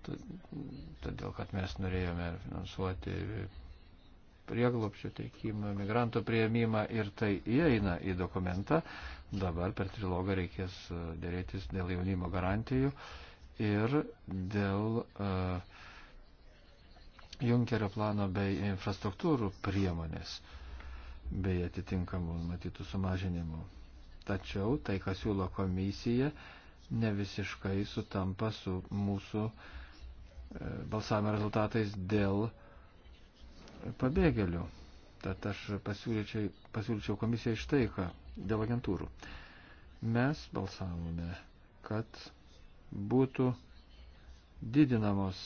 todėl kad mes norėjome finansuoti prieglopščio teikimą, migrantų prieimimą ir tai įeina į dokumentą. Dabar per trilogą reikės dėrėtis dėl jaunimo garantijų ir dėl uh, Junkerio plano bei infrastruktūrų priemonės bei atitinkamų matytų sumažinimų. Tačiau tai, kas siūlo komisija, ne visiškai sutampa su mūsų e, balsavimo rezultatais dėl pabėgėlių. Tad aš pasiūlyčiau, pasiūlyčiau komisijai štai ką dėl agentūrų. Mes balsavome, kad būtų didinamos,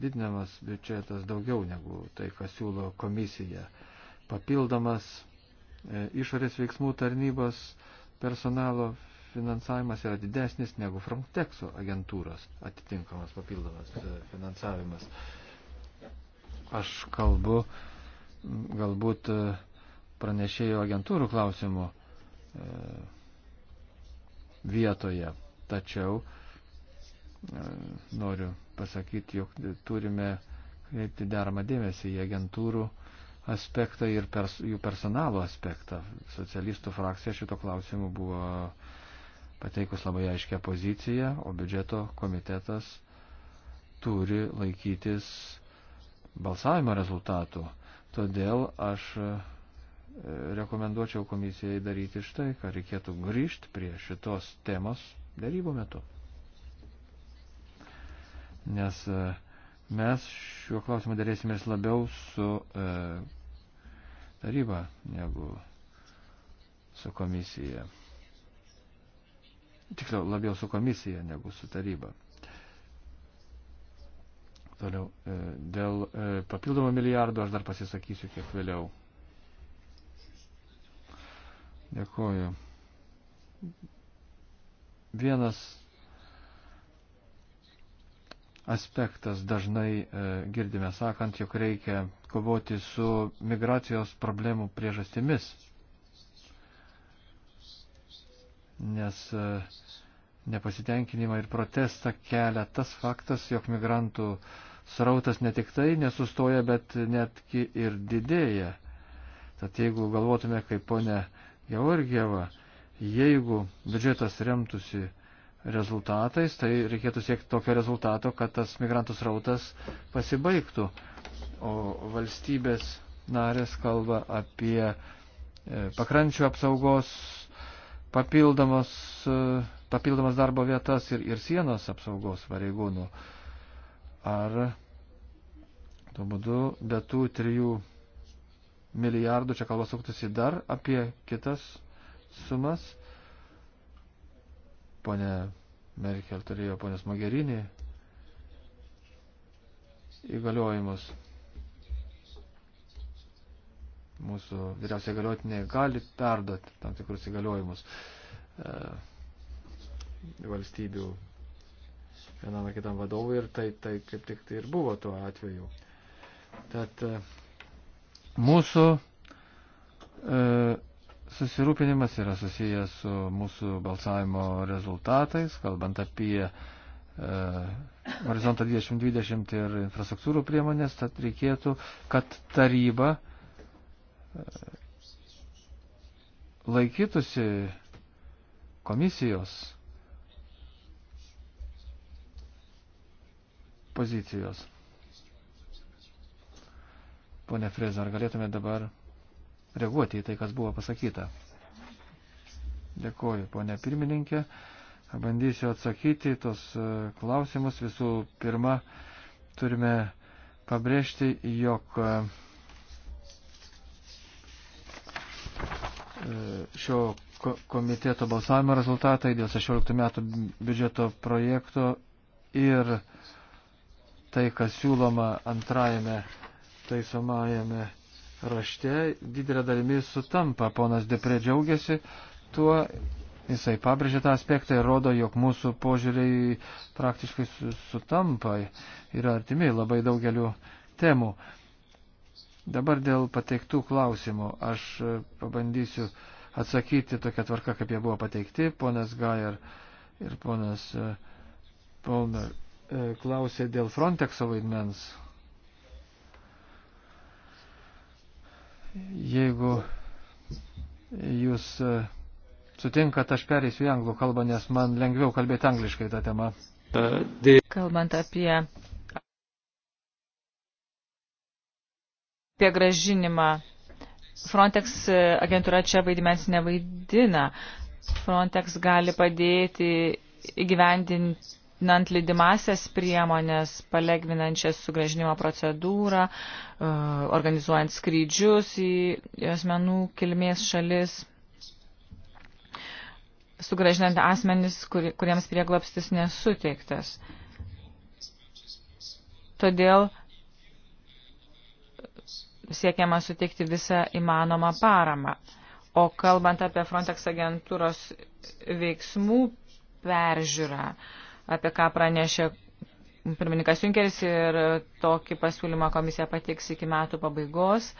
didinamas biudžetas daugiau negu tai, kas siūlo komisija. Papildomas e, išorės veiksmų tarnybos personalo finansavimas yra didesnis negu Frontexo agentūros atitinkamas papildomas e, finansavimas. Aš kalbu galbūt e, pranešėjo agentūrų klausimų. E, vietoje. Tačiau e, noriu pasakyti, jog turime kreipti deramą dėmesį į agentūrų aspektą ir pers, jų personalo aspektą. Socialistų frakcija šito klausimu buvo pateikus labai aiškę poziciją, o biudžeto komitetas turi laikytis balsavimo rezultatų. Todėl aš rekomenduočiau komisijai daryti štai, ką reikėtų grįžti prie šitos temos darybų metu. Nes e, mes šiuo klausimu darėsimės labiau su e, taryba negu su komisija. Tiksliau, labiau su komisija negu su taryba. Toliau, e, dėl e, papildomo milijardo aš dar pasisakysiu kiek vėliau. Dėkuoju. Vienas aspektas dažnai e, girdime sakant, jog reikia kovoti su migracijos problemų priežastimis. Nes e, nepasitenkinimą ir protestą kelia tas faktas, jog migrantų srautas ne tik tai nesustoja, bet netgi ir didėja. Tad jeigu galvotume, kaip ponė Georgieva, jeigu biudžetas remtųsi rezultatais, tai reikėtų siekti tokio rezultato, kad tas migrantų srautas pasibaigtų. O valstybės narės kalba apie e, pakrančių apsaugos papildomas, e, papildomas darbo vietas ir, ir sienos apsaugos pareigūnų. Ar tuo būdu be tų trijų milijardų, čia kalbas suktųsi dar apie kitas sumas. Pone Merkel turėjo ponės Magerinį įgaliojimus. Mūsų vyriausiai galiotinė gali perduoti tam tikrus įgaliojimus e, valstybių vienam ar kitam vadovui ir tai, tai kaip tik tai ir buvo tuo atveju. Tad e, Mūsų e, susirūpinimas yra susijęs su mūsų balsavimo rezultatais, kalbant apie e, horizontą 2020 ir infrastruktūrų priemonės, tad reikėtų, kad taryba e, laikytųsi komisijos pozicijos. Pone Freza, ar galėtume dabar reaguoti į tai, kas buvo pasakyta? Dėkuoju, ponė pirmininkė. Bandysiu atsakyti tos e, klausimus. Visų pirma, turime pabrėžti, jog e, šio komiteto balsavimo rezultatai dėl 16 metų biudžeto projekto ir tai, kas siūloma antrajame taisomajame rašte didelė dalimi sutampa. Ponas Depre džiaugiasi tuo, jisai pabrėžė tą aspektą ir rodo, jog mūsų požiūriai praktiškai sutampa ir artimi labai daugeliu temų. Dabar dėl pateiktų klausimų aš pabandysiu atsakyti tokia tvarka, kaip jie buvo pateikti. Ponas Gajer ir ponas e, Palmer e, klausė dėl Frontexo vaidmens Jeigu jūs e, sutinkat, aš perėsiu į anglų kalbą, nes man lengviau kalbėti angliškai tą temą. Kalbant apie, apie gražinimą, Frontex e, agentūra čia vaidmens nevaidina. Frontex gali padėti įgyvendinti patvirtinant lydimasias priemonės, palengvinančias sugražinimo procedūrą, e, organizuojant skrydžius į asmenų kilmės šalis, sugražinant asmenis, kur, kuriems prieglapstis nesuteiktas. Todėl siekiama suteikti visą įmanomą paramą. O kalbant apie Frontex agentūros veiksmų peržiūrą, uh, apie ką pranešė pirmininkas Junkeris ir tokį pasiūlymą komisija patiks iki metų pabaigos.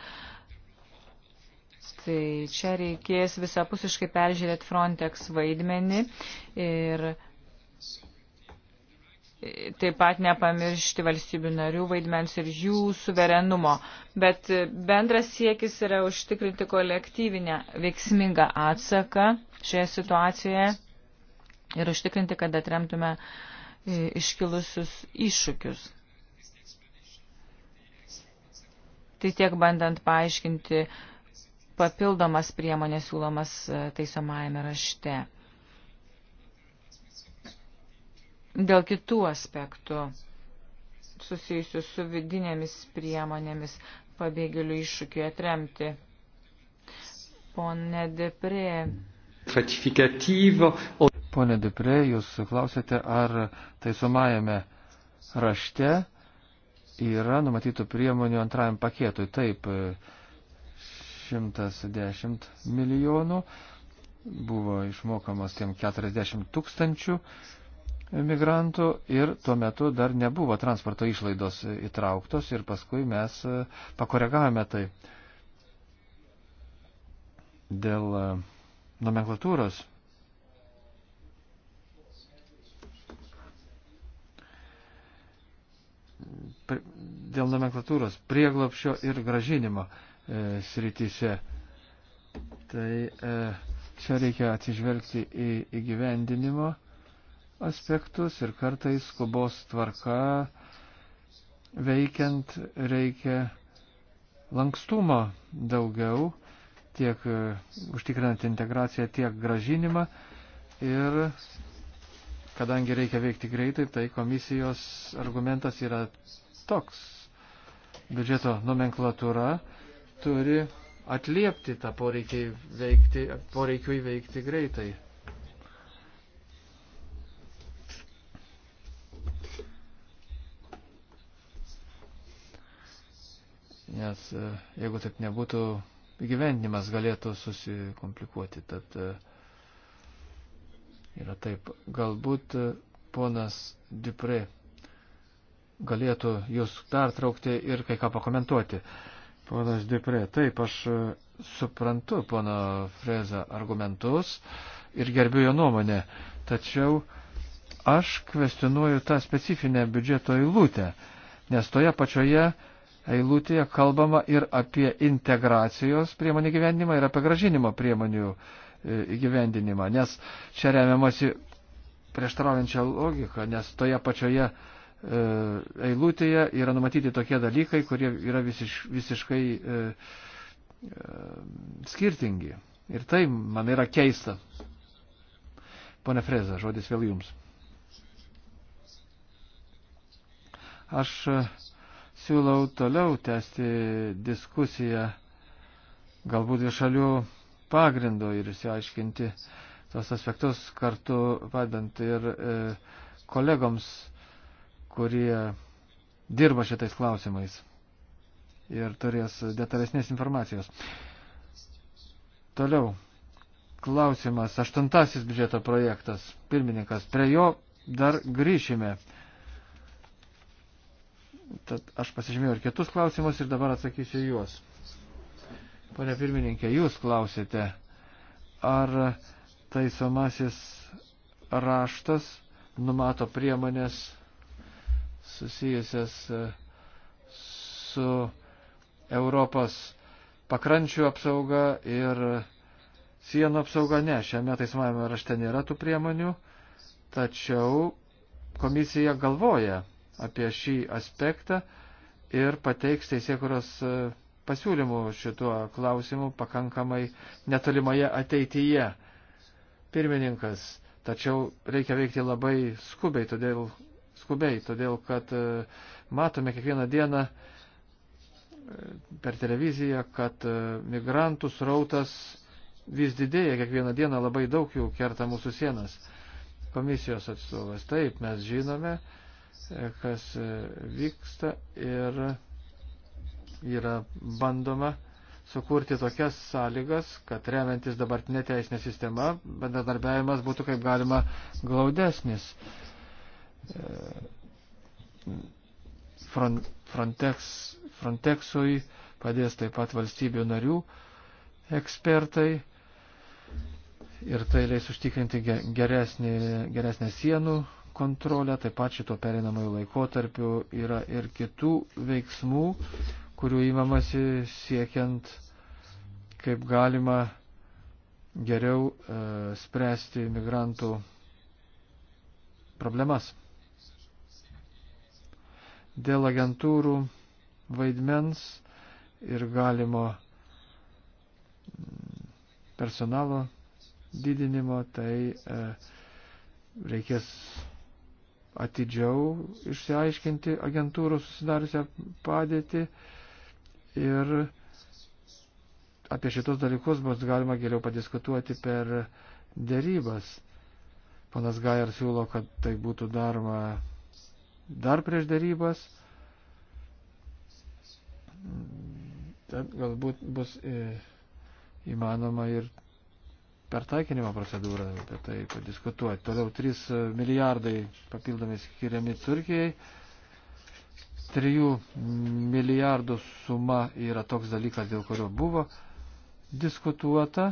Tai čia reikės visapusiškai peržiūrėti Frontex vaidmenį ir taip pat nepamiršti valstybių narių vaidmens ir jų suverenumo. Bet bendras siekis yra užtikrinti kolektyvinę veiksmingą atsaką šioje situacijoje ir užtikrinti, kad atremtume e, iškilusius iššūkius. Tai tiek bandant paaiškinti papildomas priemonės siūlomas e, taisomajame rašte. Dėl kitų aspektų susijusių su vidinėmis priemonėmis pabėgėlių iššūkiui atremti. Pone Deprė. Ratifikatyvo. Pone Dupre, jūs klausėte, ar taisomajame rašte yra numatytų priemonių antrajam paketui. Taip, 110 milijonų buvo išmokamas tiem 40 tūkstančių migrantų ir tuo metu dar nebuvo transporto išlaidos įtrauktos ir paskui mes pakoregavome tai dėl nomenklatūros dėl nomenklatūros prieglopšio ir gražinimo e, srityse. Tai e, čia reikia atsižvelgti į įgyvendinimo aspektus ir kartais skubos tvarka veikiant reikia lankstumo daugiau, tiek e, užtikrinant integraciją, tiek gražinimą. Ir kadangi reikia veikti greitai, tai komisijos argumentas yra toks. Biudžeto nomenklatūra turi atliepti tą poreikį veikti, poreikiui veikti greitai. Nes e, jeigu taip nebūtų, gyvenimas galėtų susikomplikuoti. Tad e, yra taip. Galbūt e, ponas Dupre galėtų jūs pertraukti ir kai ką pakomentuoti. Ponas Dipre, taip, aš e, suprantu pono Freza argumentus ir gerbiu jo nuomonę, tačiau aš kvestionuoju tą specifinę biudžeto eilutę, nes toje pačioje eilutėje kalbama ir apie integracijos priemonių gyvendinimą ir apie gražinimo priemonių e, įgyvendinimą, nes čia remiamasi prieštaraujančią logiką, nes toje pačioje E, eilutėje yra numatyti tokie dalykai, kurie yra visiš, visiškai e, e, skirtingi. Ir tai man yra keista. Pone Freza, žodis vėl jums. Aš e, siūlau toliau tęsti diskusiją galbūt ir šalių pagrindo ir išsiaiškinti tos aspektus kartu padant ir e, kolegoms kurie dirba šitais klausimais ir turės detalesnės informacijos. Toliau. Klausimas. Aštuntasis biudžeto projektas. Pirmininkas. Prie jo dar grįšime. Tad aš pasižymėjau ir kitus klausimus ir dabar atsakysiu juos. Pone pirmininkė, jūs klausite, ar taisomasis raštas numato priemonės susijusias e, su Europos pakrančių apsauga ir sienų apsauga. Ne, šiame taismavime rašte nėra tų priemonių, tačiau komisija galvoja apie šį aspektą ir pateiks teisėkuros e, pasiūlymų šituo klausimu pakankamai netolimoje ateityje. Pirmininkas, tačiau reikia veikti labai skubiai, todėl skubiai, todėl kad e, matome kiekvieną dieną e, per televiziją, kad e, migrantų srautas vis didėja, kiekvieną dieną labai daug jų kerta mūsų sienas. Komisijos atstovas, taip, mes žinome, kas vyksta ir yra bandoma sukurti tokias sąlygas, kad remiantis dabartinė teisinė sistema, bendradarbiavimas būtų kaip galima glaudesnis. E, E, Frontex, Frontexui padės taip pat valstybių narių ekspertai ir tai leis užtikrinti geresnį, geresnę sienų kontrolę, taip pat šito pereinamojų laikotarpių yra ir kitų veiksmų, kurių įmamasi siekiant kaip galima geriau e, spręsti migrantų problemas dėl agentūrų vaidmens ir galimo personalo didinimo, tai e, reikės atidžiau išsiaiškinti agentūrų susidariusią padėtį ir apie šitos dalykus bus galima geriau padiskutuoti per dėrybas. Ponas Gajar siūlo, kad tai būtų daroma dar prieš darybas. Tad galbūt bus e, įmanoma ir per taikinimo procedūrą apie tai padiskutuoti. Toliau 3 e, milijardai papildomai skiriami Turkijai. 3 milijardų suma yra toks dalykas, dėl kurio buvo diskutuota.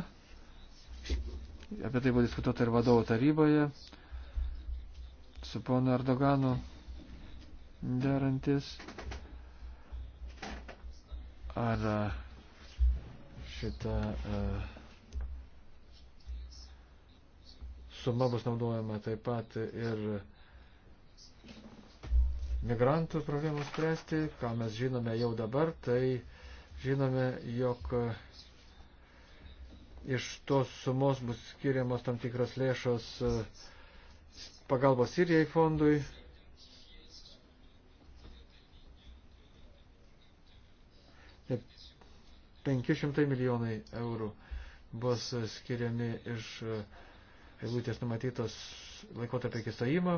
Apie tai buvo diskutuota ir vadovų taryboje su ponu Erdoganu derantis. Ar e, šita e, suma bus naudojama taip pat ir migrantų problemų spręsti, ką mes žinome jau dabar, tai žinome, jog iš tos sumos bus skiriamos tam tikros lėšos e, pagalbos Sirijai fondui, 500 milijonai eurų bus skiriami iš e, eilutės numatytos laikotarpio iki stojimo,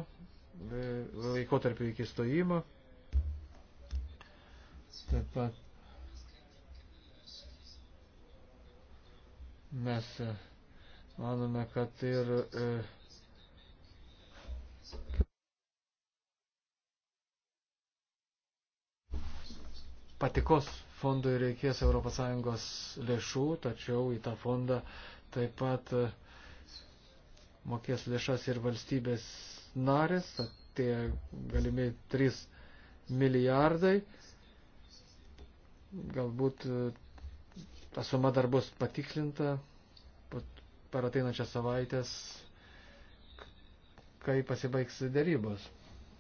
e, laikotarpio iki stojimo. Taip pat mes e, manome, kad ir e, patikos fondui reikės ES lėšų, tačiau į tą fondą taip pat e, mokės lėšas ir valstybės narės, tie galimi 3 milijardai. Galbūt e, ta suma dar bus patikslinta per ateinančią savaitės, kai pasibaigs dėrybos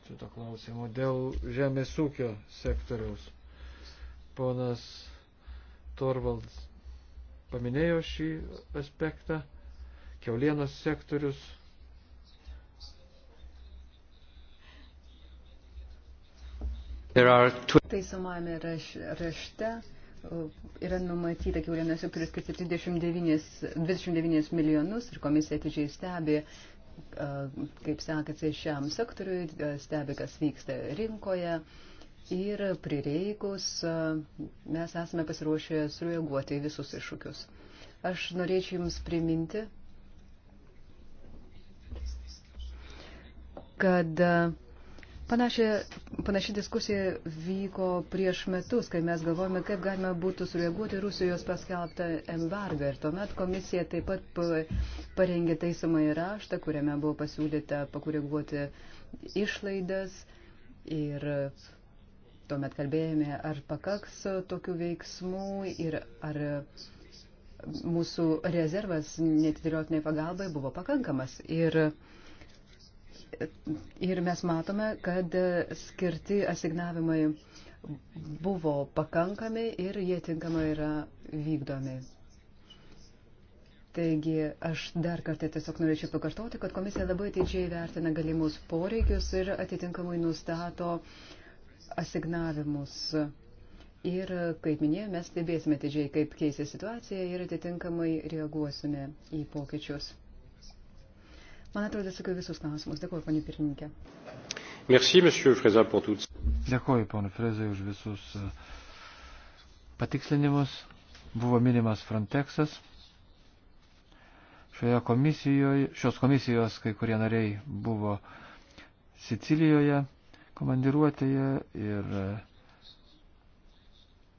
šito klausimu dėl žemės ūkio sektoriaus. Ponas Torvalds paminėjo šį aspektą. Keulienos sektorius. Taisomame raš, rašte yra numatyta keulienos sektorius skirti 29, 29 milijonus ir komisija atidžiai stebi, kaip sekasi šiam sektoriui, stebi, kas vyksta rinkoje ir prireikus mes esame pasiruošę sureaguoti į visus iššūkius. Aš norėčiau Jums priminti, kad Panašia, panaši diskusija vyko prieš metus, kai mes galvojame, kaip galima būtų sureaguoti Rusijos paskelbtą embargą. Ir tuomet komisija taip pat parengė taisomąjį raštą, kuriame buvo pasiūlyta pakoreguoti išlaidas ir Tuomet kalbėjome, ar pakaks tokių veiksmų ir ar mūsų rezervas netidėliotinai pagalbai buvo pakankamas. Ir Ir mes matome, kad skirti asignavimai buvo pakankami ir jie tinkamai yra vykdomi. Taigi aš dar kartą tiesiog norėčiau pakartoti, kad komisija labai atidžiai vertina galimus poreikius ir atitinkamai nustato uh, asignavimus. Ir, kaip minėjau, mes stebėsime didžiai, kaip keisė situacija ir atitinkamai reaguosime į pokyčius. Man atrodo, sakiau visus klausimus. Dėkuoju, panė pirmininkė. Merci, monsieur Freza, pour tout. Dėkuoju, ponė Frezai, už visus uh, patikslinimus. Buvo minimas Frontexas. Šioje komisijoje, šios komisijos kai kurie nariai buvo Sicilijoje komandiruotėje ir e,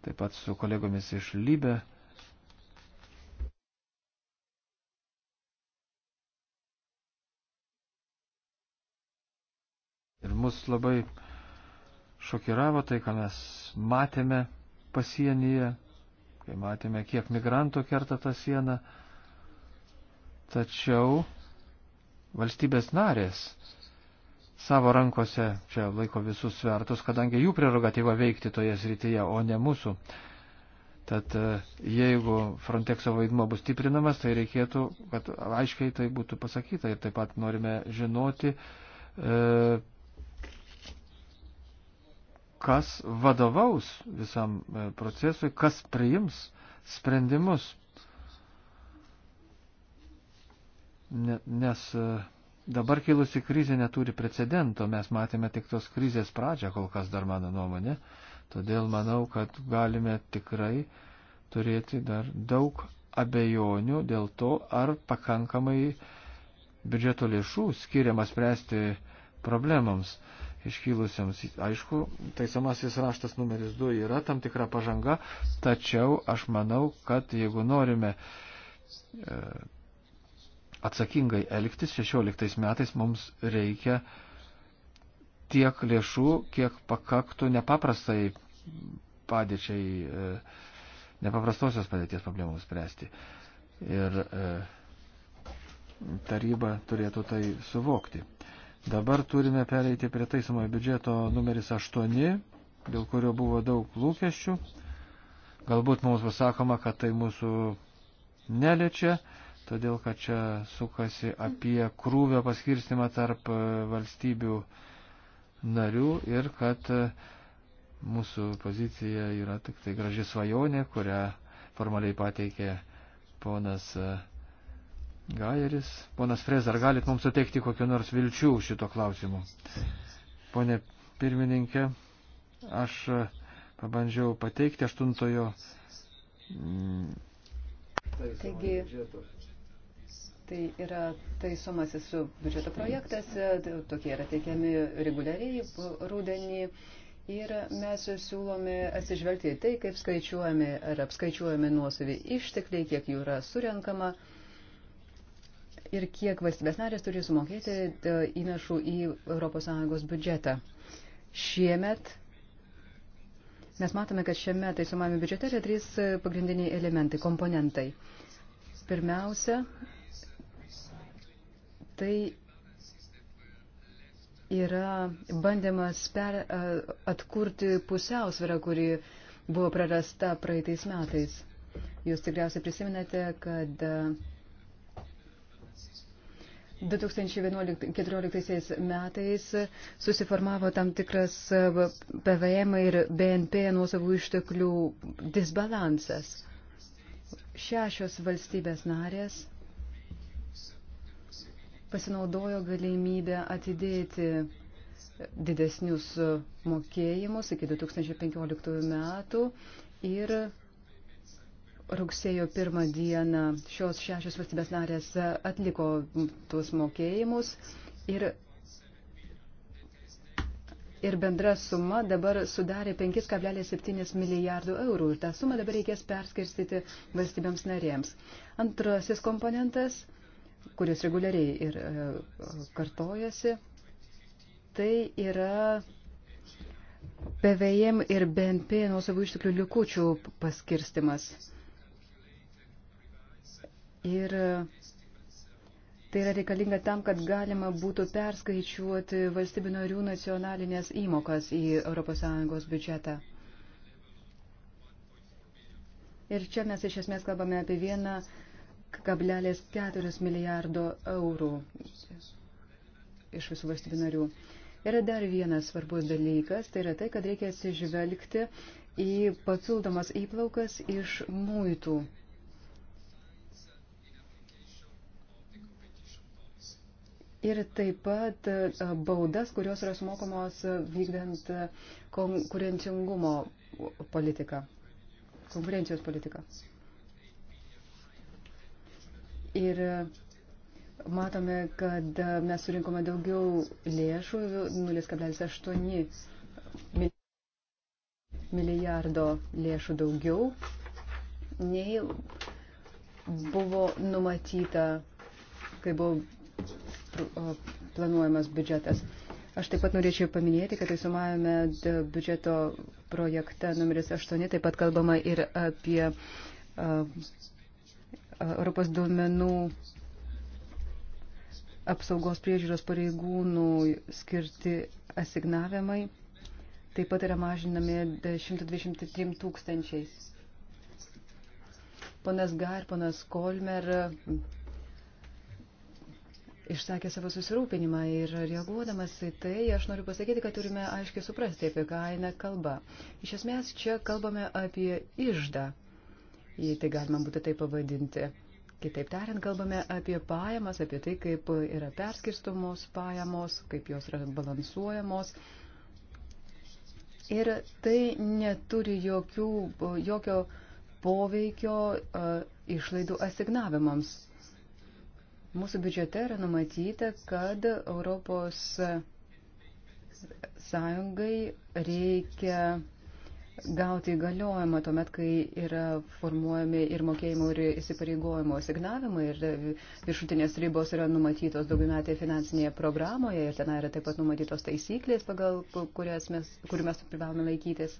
taip pat su kolegomis iš Lybe. Ir mus labai šokiravo tai, ką mes matėme pasienyje, kai matėme, kiek migrantų kerta tą sieną. Tačiau valstybės narės savo rankose čia laiko visus svertus, kadangi jų prerogatyva veikti toje srityje, o ne mūsų. Tad e, jeigu Frontexo vaidmo bus stiprinamas, tai reikėtų, kad aiškiai tai būtų pasakyta ir taip pat norime žinoti, e, kas vadovaus visam e, procesui, kas priims sprendimus. Nes dabar kilusi krizė neturi precedento, mes matėme tik tos krizės pradžią kol kas dar mano nuomonė, todėl manau, kad galime tikrai turėti dar daug abejonių dėl to, ar pakankamai biudžeto lėšų skiriama spręsti problemams iškilusiams. Aišku, taisamasis raštas numeris 2 yra tam tikra pažanga, tačiau aš manau, kad jeigu norime e, atsakingai elgtis. 16 metais mums reikia tiek lėšų, kiek pakaktų nepaprastai padėčiai, e, nepaprastosios padėties problemams spręsti. Ir e, taryba turėtų tai suvokti. Dabar turime pereiti prie taisomojo biudžeto numeris 8, dėl kurio buvo daug lūkesčių. Galbūt mums pasakoma, kad tai mūsų neliečia todėl kad čia sukasi apie krūvio paskirstimą tarp e, valstybių narių ir kad e, mūsų pozicija yra tik tai graži svajonė, kurią formaliai pateikė ponas e, Gajeris. Ponas Frez, ar galit mums suteikti kokiu nors vilčių šito klausimu? Pone pirmininkė, aš pabandžiau pateikti aštuntojo. Taigi, Tai yra taisomasis biudžeto projektas, tokie yra teikiami reguliariai rūdienį. Ir mes siūlome atsižvelgti į tai, kaip skaičiuojami ar apskaičiuojami nuosavį ištekliai, kiek jų yra surenkama ir kiek valstybės narės turi sumokėti e, įnašų į ES biudžetą. Šiemet mes matome, kad šiame taisomame biudžete yra trys pagrindiniai elementai, komponentai. Pirmiausia, tai yra bandymas per, atkurti pusiausvyrą, kuri buvo prarasta praeitais metais. Jūs tikriausiai prisiminate, kad 2014 metais susiformavo tam tikras PVM ir BNP nuosavų išteklių disbalansas. Šešios valstybės narės pasinaudojo galimybę atidėti didesnius mokėjimus iki 2015 metų ir rugsėjo pirmą dieną šios šešios valstybės narės atliko tuos mokėjimus ir, ir bendra suma dabar sudarė 5,7 milijardų eurų ir tą sumą dabar reikės perskirstyti valstybėms narėms. Antrasis komponentas – kuris reguliariai ir e, kartojasi, tai yra PVM ir BNP nuosavų išteklių likučių paskirstimas. Ir tai yra reikalinga tam, kad galima būtų perskaičiuoti valstybių narių nacionalinės įmokas į ES biudžetą. Ir čia mes iš esmės kalbame apie vieną uh, 1,4 milijardo eurų iš visų valstybių narių. Yra dar vienas svarbus dalykas, tai yra tai, kad reikia atsižvelgti į papildomas įplaukas iš muitų. Ir taip pat e, baudas, kurios yra sumokamos vykdant konkurencingumo politiką, konkurencijos politiką. Ir e, matome, kad e, mes surinkome daugiau lėšų, 0,8 milijardo lėšų daugiau, nei buvo numatyta, kai buvo planuojamas biudžetas. Aš taip pat norėčiau paminėti, kad tai sumavome biudžeto projektą numeris 8, taip pat kalbama ir apie uh, Europos duomenų apsaugos priežiūros pareigūnų skirti asignavimai taip pat yra mažinami 123 tūkstančiais. Ponas Gar, ponas Kolmer išsakė savo susirūpinimą ir reaguodamas į tai, aš noriu pasakyti, kad turime aiškiai suprasti, apie ką eina kalba. Iš esmės, čia kalbame apie išdą jei tai galima būtų taip pavadinti. Kitaip tariant, kalbame apie pajamas, apie tai, kaip yra perskirstomos pajamos, kaip jos yra balansuojamos. Ir tai neturi jokių, jokio poveikio uh, išlaidų asignavimams. Mūsų biudžete yra numatyta, kad Europos Sąjungai reikia gauti įgaliojimą tuomet, kai yra formuojami ir mokėjimų ir įsipareigojimo signavimai ir viršutinės ribos yra numatytos daugiametėje finansinėje programoje ir ten yra taip pat numatytos taisyklės, pagal kurias mes, kurių mes privalome laikytis.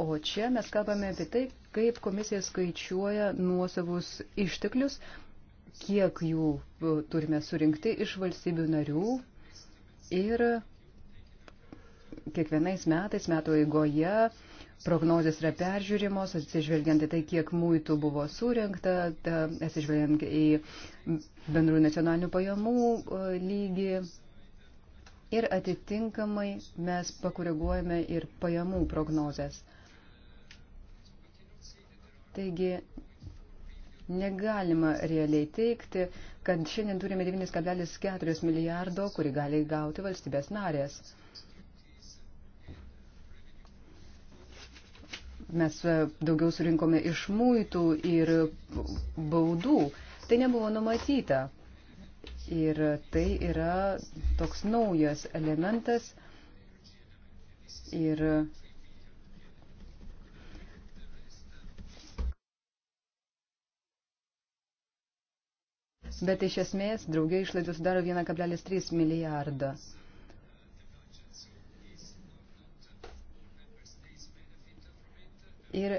O čia mes kalbame apie tai, kaip komisija skaičiuoja nuosavus išteklius, kiek jų e, turime surinkti iš valstybių narių ir kiekvienais metais, metų eigoje, prognozijas yra peržiūrimos, atsižvelgiant į tai, kiek muitų buvo surinkta, atsižvelgiant į bendrų nacionalinių pajamų lygį. Ir atitinkamai mes pakoreguojame ir pajamų prognozes. Taigi negalima realiai teikti, kad šiandien turime 9,4 milijardo, kurį gali gauti valstybės narės. Mes e, daugiau surinkome iš muitų ir baudų. Tai nebuvo numatyta. Ir tai yra toks naujas elementas. Ir Bet iš esmės draugiai išlaidus daro 1,3 milijardą. Ir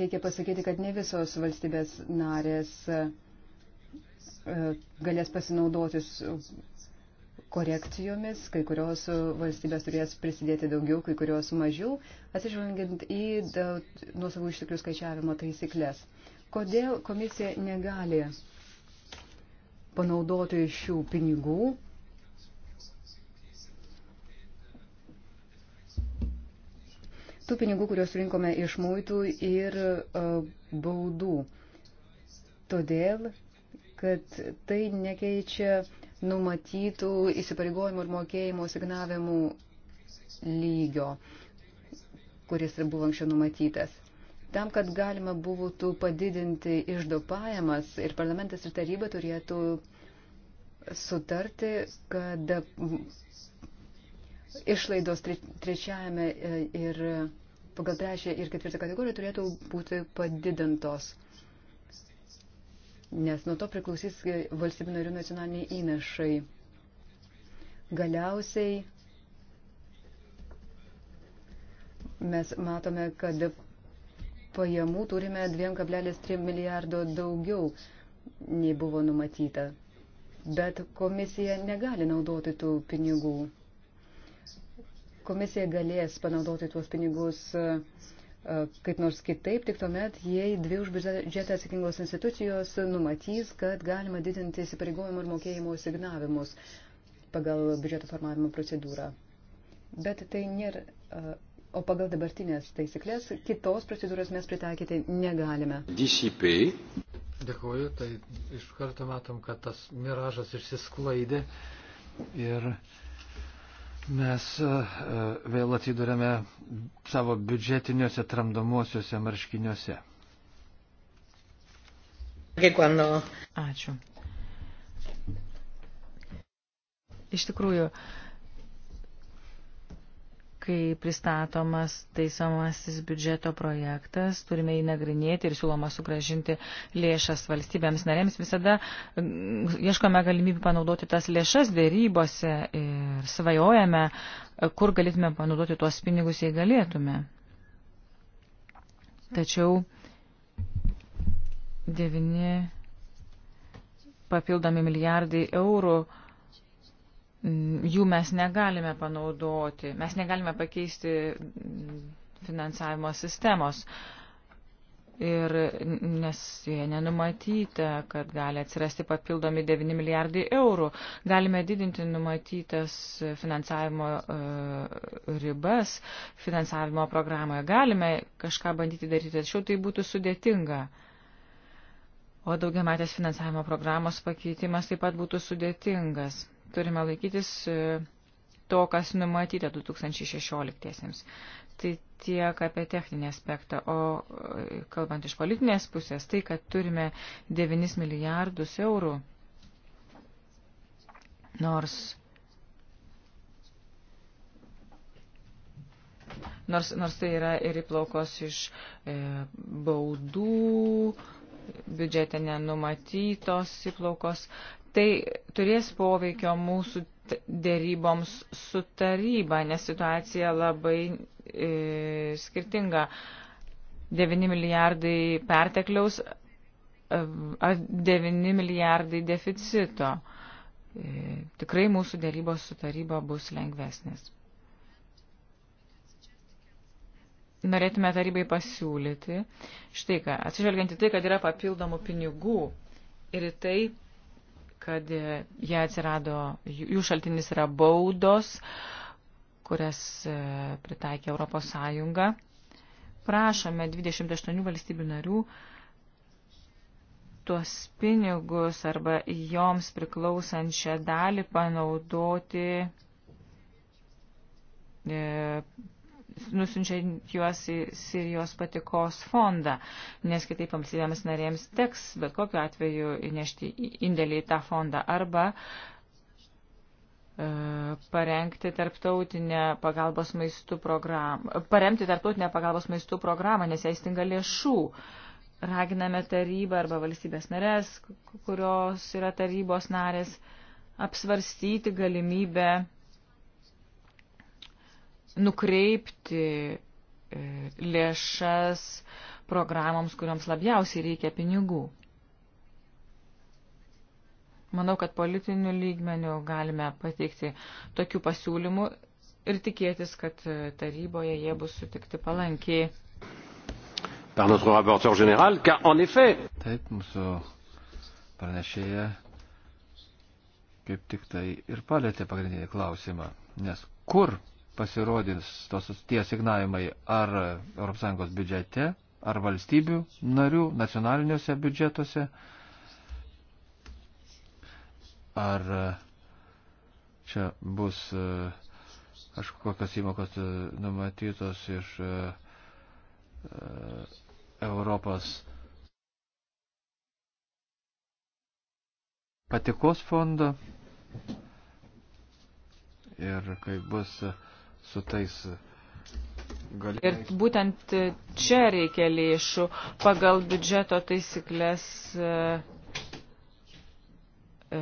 reikia pasakyti, kad ne visos valstybės narės e, galės pasinaudotis korekcijomis, kai kurios valstybės turės prisidėti daugiau, kai kurios mažiau, atsižvelgiant į nuosavų išteklių skaičiavimo taisyklės. Kodėl komisija negali panaudoti šių pinigų tų pinigų, kuriuos rinkome iš muitų ir e, baudų. Todėl, kad tai nekeičia numatytų įsipareigojimų ir mokėjimų signavimų lygio, kuris ir buvo anksčiau numatytas. Tam, kad galima būtų padidinti išdo pajamas ir parlamentas ir taryba turėtų sutarti, kad išlaidos trečiajame e, ir pagal trečią ir ketvirtą kategoriją turėtų būti padidintos, nes nuo to priklausys e, valstybių narių nacionaliniai įnašai. Galiausiai mes matome, kad pajamų turime 2,3 milijardo daugiau nei buvo numatyta. Bet komisija negali naudoti tų pinigų komisija galės panaudoti tuos pinigus e, e, kaip nors kitaip, tik tuomet, jei dvi už biudžetą atsakingos institucijos numatys, kad galima didinti įsipareigojimų ir mokėjimų signavimus pagal biudžeto formavimo procedūrą. Bet tai nėra, e, o pagal dabartinės taisyklės kitos procedūros mes pritaikyti negalime. DCP. Dėkuoju, tai iš karto matom, kad tas miražas išsisklaidė ir Mes e, e, vėl atsidurėme savo biudžetiniuose tramdomuosiuose marškiniuose. Ačiū. Iš tikrųjų, kai pristatomas taisomasis biudžeto projektas, turime jį nagrinėti ir siūloma sugražinti lėšas valstybėms narėms. Visada mm, ieškome galimybių panaudoti tas lėšas dėrybose ir svajojame, kur galėtume panaudoti tuos pinigus, jei galėtume. Tačiau devini papildomi milijardai eurų Mm, jų mes negalime panaudoti, mes negalime pakeisti mm, finansavimo sistemos. Ir nes jie nenumatyta, kad gali atsirasti papildomi 9 milijardai eurų, galime didinti numatytas finansavimo e, ribas, finansavimo programoje, galime kažką bandyti daryti, tačiau tai būtų sudėtinga. O daugiamatės finansavimo programos pakeitimas taip pat būtų sudėtingas turime laikytis e, to, kas numatyta 2016-iesiems. Tai tiek apie techninį aspektą, o e, kalbant iš politinės pusės, tai, kad turime 9 milijardus eurų, nors, nors, nors tai yra ir įplaukos iš e, baudų, biudžete nenumatytos įplaukos, Tai turės poveikio mūsų dėryboms su taryba, nes situacija labai e, skirtinga. 9 milijardai pertekliaus e, ar 9 milijardai deficito. E, tikrai mūsų dėrybos su taryba bus lengvesnės. Norėtume tarybai pasiūlyti, štai ką, atsižvelgiant į tai, kad yra papildomų pinigų ir į tai, kad e, jie atsirado, jų šaltinis yra baudos, kurias e, pritaikė Europos Sąjunga. Prašome 28 valstybių narių tuos pinigus arba joms priklausančią dalį panaudoti e, nusinčiant juos į Sirijos patikos fondą, nes kitaip amsidėms narėms teks bet kokiu atveju nešti indėlį į tą fondą arba e, parengti tarptautinę pagalbos maistų programą, paremti tarptautinę pagalbos maistų programą, nes jai stinga lėšų. Raginame tarybą arba valstybės narės, kurios yra tarybos narės, apsvarstyti galimybę nukreipti e, lėšas programoms, kuriuoms labiausiai reikia pinigų. Manau, kad politinių lygmenių galime pateikti tokių pasiūlymų ir tikėtis, kad e, taryboje jie bus sutikti palankiai. Par notre rapporteur général, car en effet. Taip, mūsų pranešėja kaip tik tai ir palėtė pagrindinį klausimą. Nes kur pasirodys tos, tie signavimai ar ES biudžete, ar valstybių narių nacionaliniuose biudžetuose, ar e, čia bus e, kažkokios įmokos e, numatytos iš Europos patikos fondo ir kaip bus uh, su tais Ir būtent čia reikia lėšų pagal biudžeto taisyklės e, e,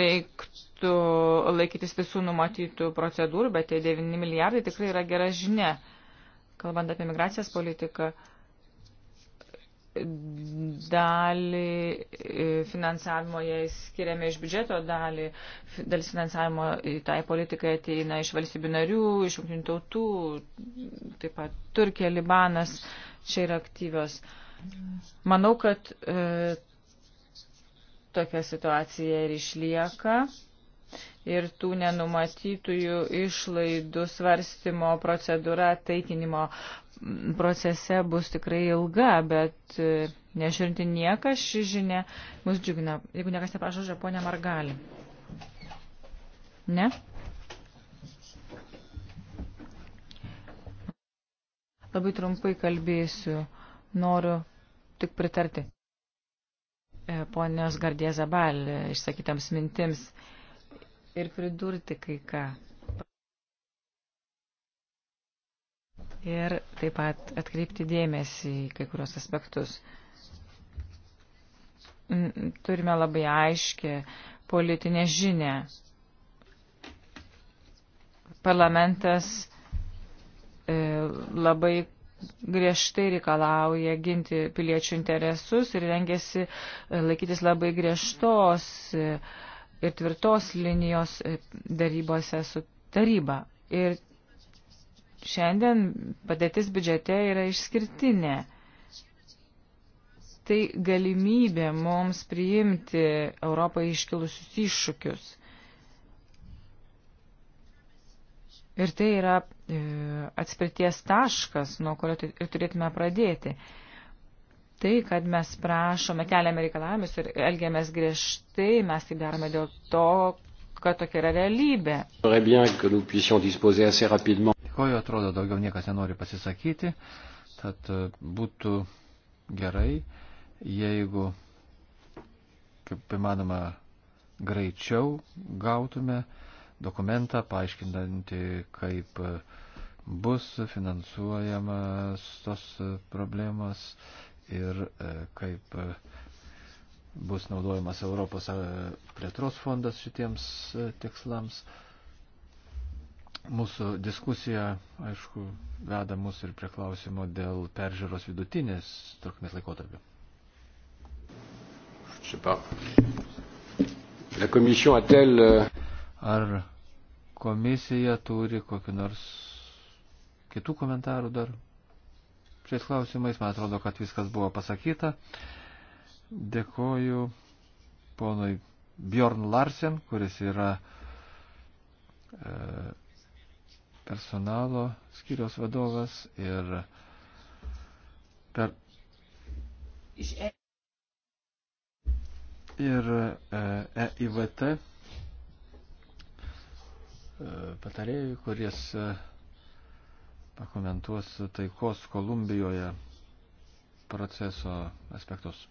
reiktų laikytis visų numatytų procedūrų, bet tie 9 milijardai tikrai yra gera žinia. Kalbant apie migracijos politiką, dalį e, finansavimo jai skiriame iš biudžeto dalį, dalis finansavimo tai politikai ateina iš valstybių narių, iš jungtinių tautų, taip pat Turkija, Libanas čia yra aktyvios. Manau, kad e, tokia situacija ir išlieka ir tų nenumatytųjų išlaidų svarstymo procedūra taikinimo procese bus tikrai ilga, bet e, nežiūrinti niekas, ši žinia mus džiugina. Jeigu niekas neprašo, Žaponė Margali. Ne? Labai trumpai kalbėsiu. Noriu tik pritarti e, ponios Gardėza Bal e, išsakytams mintims ir pridurti kai ką. ir taip pat atkreipti dėmesį į kai kurios aspektus. Turime labai aiškę politinę žinę. Parlamentas e, labai griežtai reikalauja ginti piliečių interesus ir rengiasi e, laikytis labai griežtos e, ir tvirtos linijos darybose su taryba. Ir Šiandien padėtis biudžete yra išskirtinė. Tai galimybė mums priimti Europą iškilusius iššūkius. Ir tai yra e, atspirties taškas, nuo kurio turėtume pradėti. Tai, kad mes prašome, keliame reikalavimus ir elgiamės griežtai, mes tai darome dėl to, kad tokia yra realybė. Dėkoju, atrodo, daugiau niekas nenori pasisakyti, tad e, būtų gerai, jeigu, kaip įmanoma, greičiau gautume dokumentą paaiškinantį, kaip bus finansuojamas tos problemos ir e, kaip bus naudojamas Europos e, plėtros fondas šitiems e, tikslams. Mūsų diskusija, aišku, veda mus ir prie klausimo dėl peržiūros vidutinės trukmės laikotarpio. Euh, Ar komisija turi kokį nors kitų komentarų dar? Šiais klausimais, man atrodo, kad viskas buvo pasakyta. Uh, Dėkoju ponui Bjorn Larsen, kuris yra e, personalo skyrios vadovas ir per. Ir EIVT e e, patarėjų, kuris pakomentuos taikos Kolumbijoje proceso aspektus.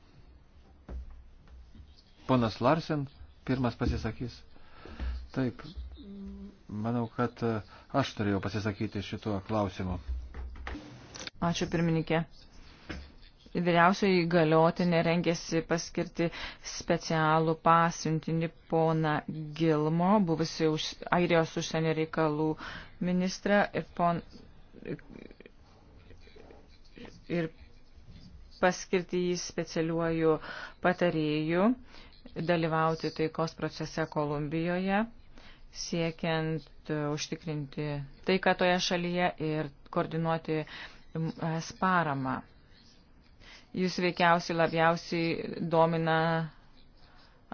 Ponas Larsen pirmas pasisakys. Taip, manau, kad e, aš turėjau pasisakyti šituo klausimu. Ačiū pirmininkė. Vyriausiai galiotinė rengėsi paskirti specialų pasiuntinį poną Gilmo, buvusi už, Airijos užsienio reikalų ministrą ir, pon, ir paskirti jį specialiuoju patarėju. Uh, dalyvauti taikos procese Kolumbijoje, siekiant e, užtikrinti taiką toje šalyje ir koordinuoti sparamą. Jūs veikiausiai labiausiai domina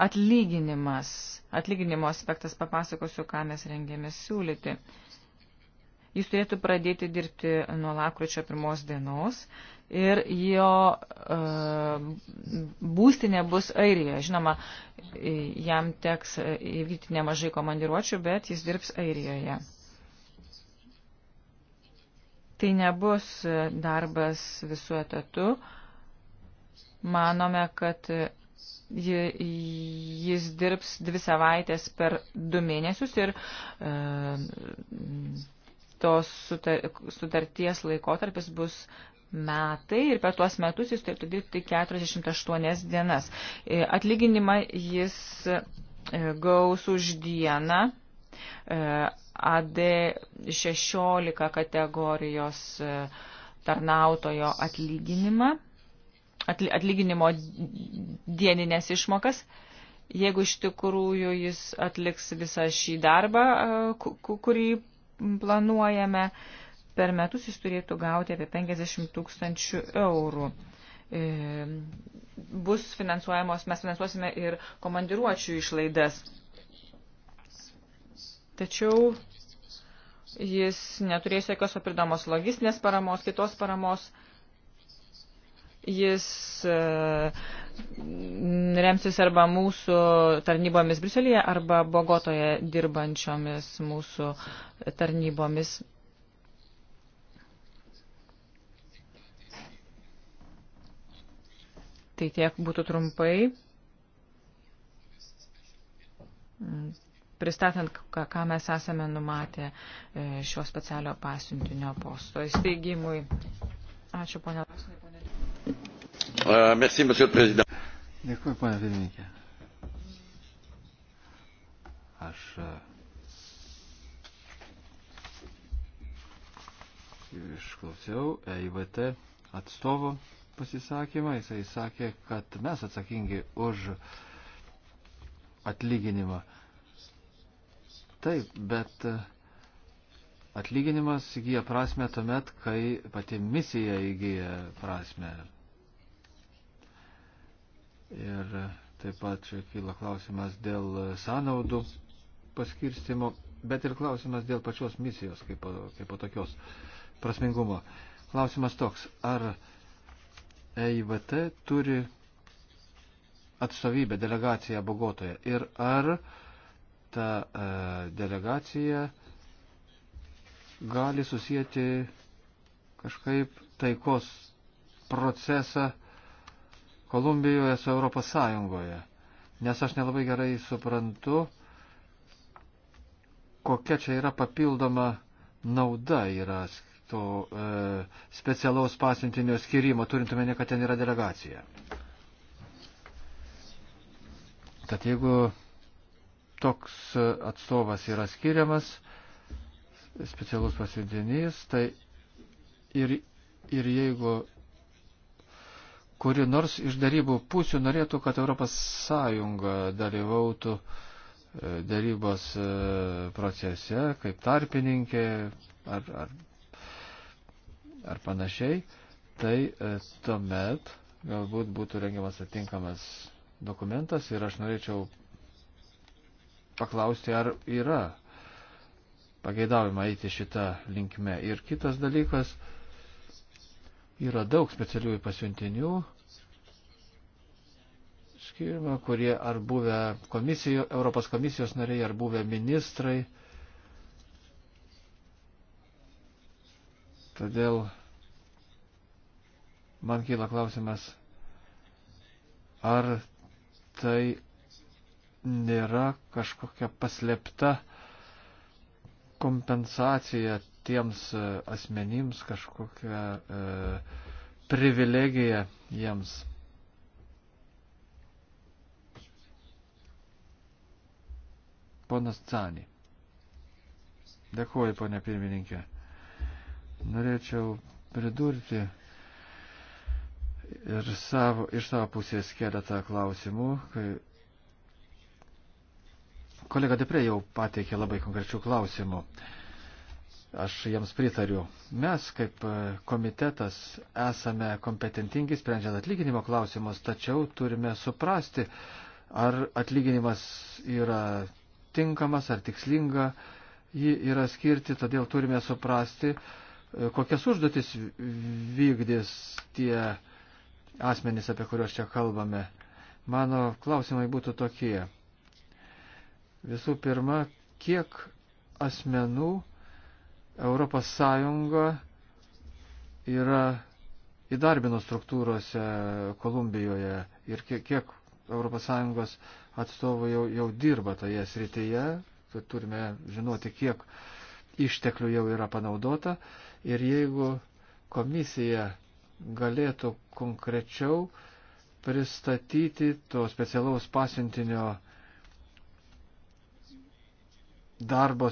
atlyginimas, atlyginimo aspektas papasakosiu, ką mes rengėmės siūlyti. Jis turėtų pradėti dirbti nuo lakryčio pirmos dienos ir jo uh, būstinė bus Airija. Žinoma, e, jam teks e, įvykti nemažai komandiruočių, bet jis dirbs Airijoje. Tai nebus darbas visų etatų. Manome, kad jis dirbs dvi savaitės per du mėnesius ir uh, tos sutarties laikotarpis bus metai ir per tuos metus jis turėtų dirbti 48 dienas. E, atlyginimą jis e, gaus už dieną e, AD 16 kategorijos tarnautojo atlyginimą, atlyginimo dieninės išmokas jeigu iš tikrųjų jis atliks visą šį darbą, kurį planuojame, per metus jis turėtų gauti apie 50 tūkstančių eurų. E, bus finansuojamos, mes finansuosime ir komandiruočių išlaidas. Tačiau jis neturės jokios papildomos logistinės paramos, kitos paramos Jis e, remsis arba mūsų tarnybomis Briuselėje, arba Bogotoje dirbančiomis mūsų tarnybomis. Tai tiek būtų trumpai. Pristatant, ką mes esame numatę e, šio specialio pasiuntinio posto įsteigimui. Ačiū, ponia. Uh, merci, monsieur le président. Dėkui, pana pirmininkė. Aš e, išklausiau EIVT atstovo pasisakymą. Jisai sakė, kad mes atsakingi už atlyginimą. Taip, bet e, atlyginimas įgyja prasme tuomet, kai pati misija įgyja prasme. Ir taip pat čia kyla klausimas dėl sąnaudų paskirstimo, bet ir klausimas dėl pačios misijos kaip, kaip po tokios prasmingumo. Klausimas toks, ar EIVT turi atstovybę delegaciją Bogotoje ir ar ta e, delegacija gali susijęti kažkaip taikos procesą Kolumbijoje su Europos Sąjungoje. Nes aš nelabai gerai suprantu, kokia čia yra papildoma nauda yra to e, specialaus pasiuntinio skirimo, turintumėne, kad ten yra delegacija. Tad jeigu toks atstovas yra skiriamas, specialus pasiuntinys, tai ir, ir jeigu kuri nors iš darybų pusių norėtų, kad ES dalyvautų e, darybos e, procese kaip tarpininkė ar, ar, ar panašiai, tai e, tuomet galbūt būtų rengiamas atinkamas dokumentas ir aš norėčiau paklausti, ar yra pageidaujama eiti šitą linkmę. Ir kitas dalykas, Yra daug specialiųjų pasiuntinių skirma, kurie ar buvę komisijo, Europos komisijos nariai, ar buvę ministrai. Todėl man kyla klausimas, ar tai nėra kažkokia paslėpta kompensacija tiems e, asmenims kažkokią e, privilegiją jiems. Ponas Cani. Dėkuoju, ponė pirmininkė. Norėčiau pridurti ir savo, iš savo pusės keletą klausimų, kai kolega Depre jau pateikė labai konkrečių klausimų. E, Aš jiems pritariu. Mes kaip komitetas esame kompetentingi sprendžiant atlyginimo klausimus, tačiau turime suprasti, ar atlyginimas yra tinkamas, ar tikslinga jį yra skirti, todėl turime suprasti, kokias užduotis vykdys tie asmenys, apie kuriuos čia kalbame. Mano klausimai būtų tokie. Visų pirma, kiek asmenų Europos Sąjunga yra įdarbino struktūrose Kolumbijoje ir kiek, kiek ES atstovų jau, jau dirba toje srityje, tai turime žinoti, kiek išteklių jau yra panaudota ir jeigu komisija galėtų konkrečiau pristatyti to specialaus pasiuntinio darbo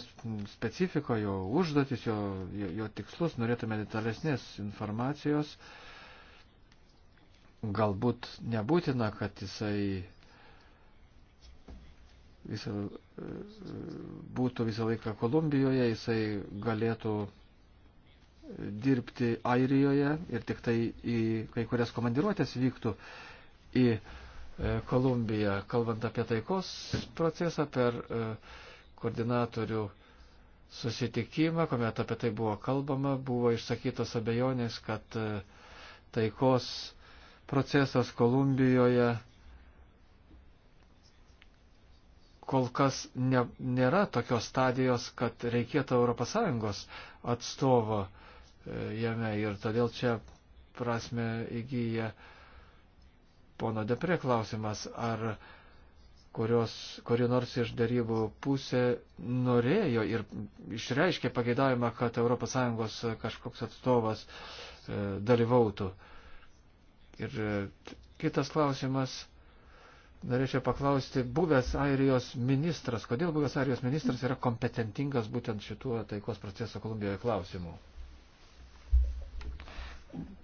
specifiką, jo užduotis, jo, jo, jo tikslus, norėtume detalesnės informacijos. Galbūt nebūtina, kad jisai visą, būtų visą laiką Kolumbijoje, jisai galėtų dirbti Airijoje ir tik tai į kai kurias komandiruotės vyktų į e, Kolumbiją, kalbant apie taikos procesą per uh, koordinatorių susitikimą, kuomet apie tai buvo kalbama, buvo išsakytos abejonės, kad e, taikos procesas Kolumbijoje kol kas ne, nėra tokios stadijos, kad reikėtų ES atstovo e, jame ir todėl čia prasme įgyja pono Depre klausimas, ar kurios, kuri nors iš darybų pusė norėjo ir išreiškė pageidavimą, kad ES kažkoks atstovas e, dalyvautų. Ir e, kitas klausimas, norėčiau paklausti, buvęs Airijos ministras, kodėl buvęs Airijos ministras yra kompetentingas būtent šituo taikos proceso Kolumbijoje klausimu?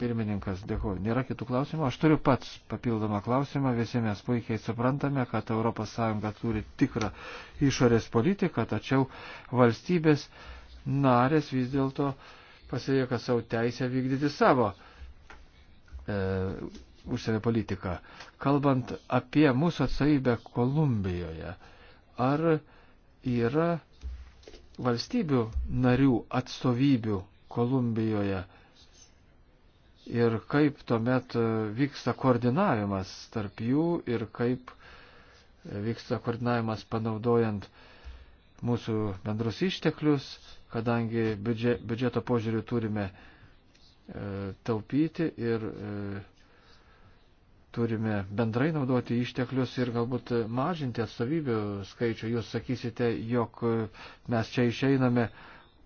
Pirmininkas, dėkuoju. Nėra kitų klausimų. Aš turiu pats papildomą klausimą. Visi mes puikiai suprantame, kad ES turi tikrą išorės politiką, tačiau valstybės narės vis dėlto pasilieka savo teisę vykdyti savo e, užsienio politiką. Kalbant apie mūsų atsavybę Kolumbijoje, ar yra valstybių narių atstovybių Kolumbijoje? ir kaip tuomet e, vyksta koordinavimas tarp jų ir kaip e, vyksta koordinavimas panaudojant mūsų bendrus išteklius, kadangi biudžeto požiūrių turime e, taupyti ir e, turime bendrai naudoti išteklius ir galbūt mažinti atstovybių skaičių. Jūs sakysite, jog e, mes čia išeiname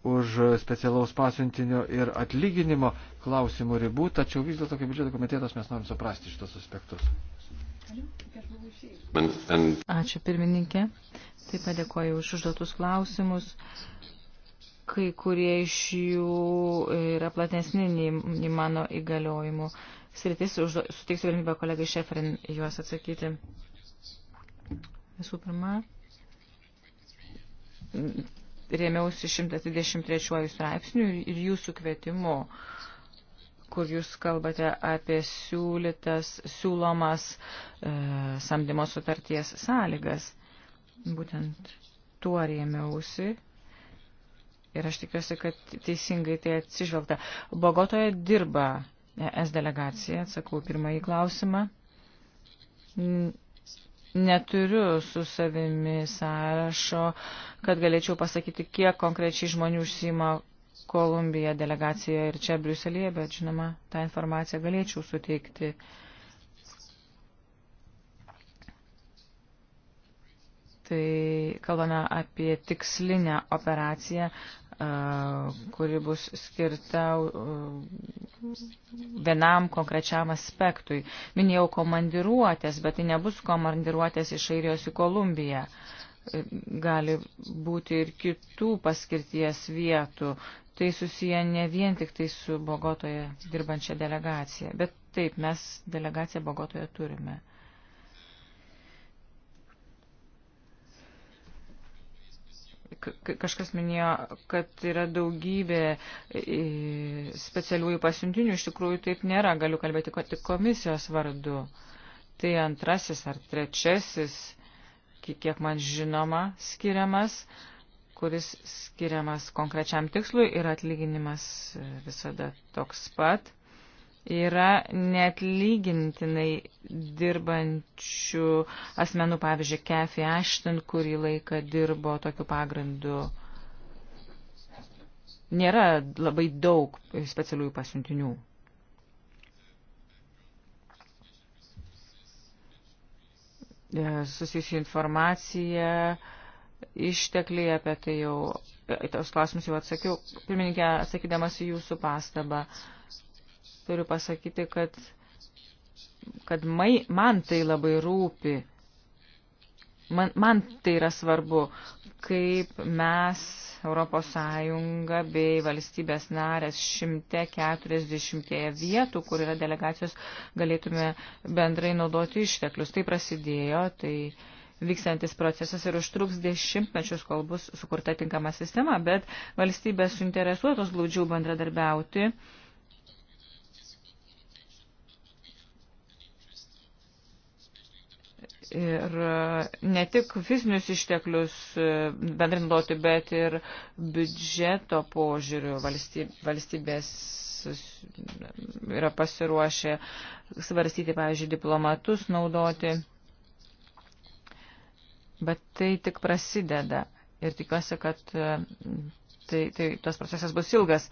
už specialaus pasiuntinio ir atlyginimo klausimų ribų, tačiau vis dėlto kaip biudžeto komitetas mes norim suprasti šitos aspektus. Ačiū pirmininkė. Taip pat dėkoju už užduotus klausimus. Kai kurie iš jų yra platesni nei mano įgaliojimų. Sritis suteiksiu galimybę kolegai Šefrin juos atsakyti. Visų pirma, rėmiausi 123 straipsnių ir jūsų kvietimu, kur jūs kalbate apie siūlytas, siūlomas e, samdymo sutarties sąlygas. Būtent tuo rėmiausi ir aš tikiuosi, kad teisingai tai atsižvelgta. Bogotoje dirba ES delegacija, atsakau pirmąjį klausimą neturiu su savimi sąrašo, kad galėčiau pasakyti, kiek konkrečiai žmonių užsima Kolumbija delegacija ir čia Briuselėje, bet žinoma, tą informaciją galėčiau suteikti. Tai kalbame apie tikslinę operaciją, kuri bus skirta vienam konkrečiam aspektui. Minėjau komandiruotės, bet tai nebus komandiruotės iš Airijos į Kolumbiją. Gali būti ir kitų paskirties vietų. Tai susiję ne vien tik tai su Bogotoje dirbančia delegacija, bet taip, mes delegaciją Bogotoje turime. kažkas minėjo, kad yra daugybė e, specialiųjų pasiuntinių, iš tikrųjų taip nėra, galiu kalbėti tik komisijos vardu. Tai antrasis ar trečiasis, kiek man žinoma, skiriamas, kuris skiriamas konkrečiam tikslui ir atlyginimas visada toks pat yra netlygintinai dirbančių asmenų, pavyzdžiui, Kathy Ashton, kurį laiką dirbo tokiu pagrindu. Nėra labai daug specialiųjų pasiuntinių. E, susijusi informacija, ištekliai apie tai jau, tos klausimus jau atsakiau, pirmininkė, atsakydamas į jūsų pastabą. Uh, turiu pasakyti, kad, kad mai, man tai labai rūpi. Man, man tai yra svarbu, kaip mes, Europos Sąjunga bei valstybės narės 140 vietų, kur yra delegacijos, galėtume bendrai naudoti išteklius. Tai prasidėjo, tai vykstantis procesas ir užtruks dešimtmečius, kol bus sukurta tinkama sistema, bet valstybės suinteresuotos glaudžiau bendradarbiauti ir e, ne tik fizinius išteklius e, bendrai naudoti, bet ir biudžeto požiūrių valstybės yra pasiruošę svarstyti, pavyzdžiui, diplomatus naudoti. Bet tai tik prasideda ir tikiuosi, kad e, tai, tai tas procesas bus ilgas.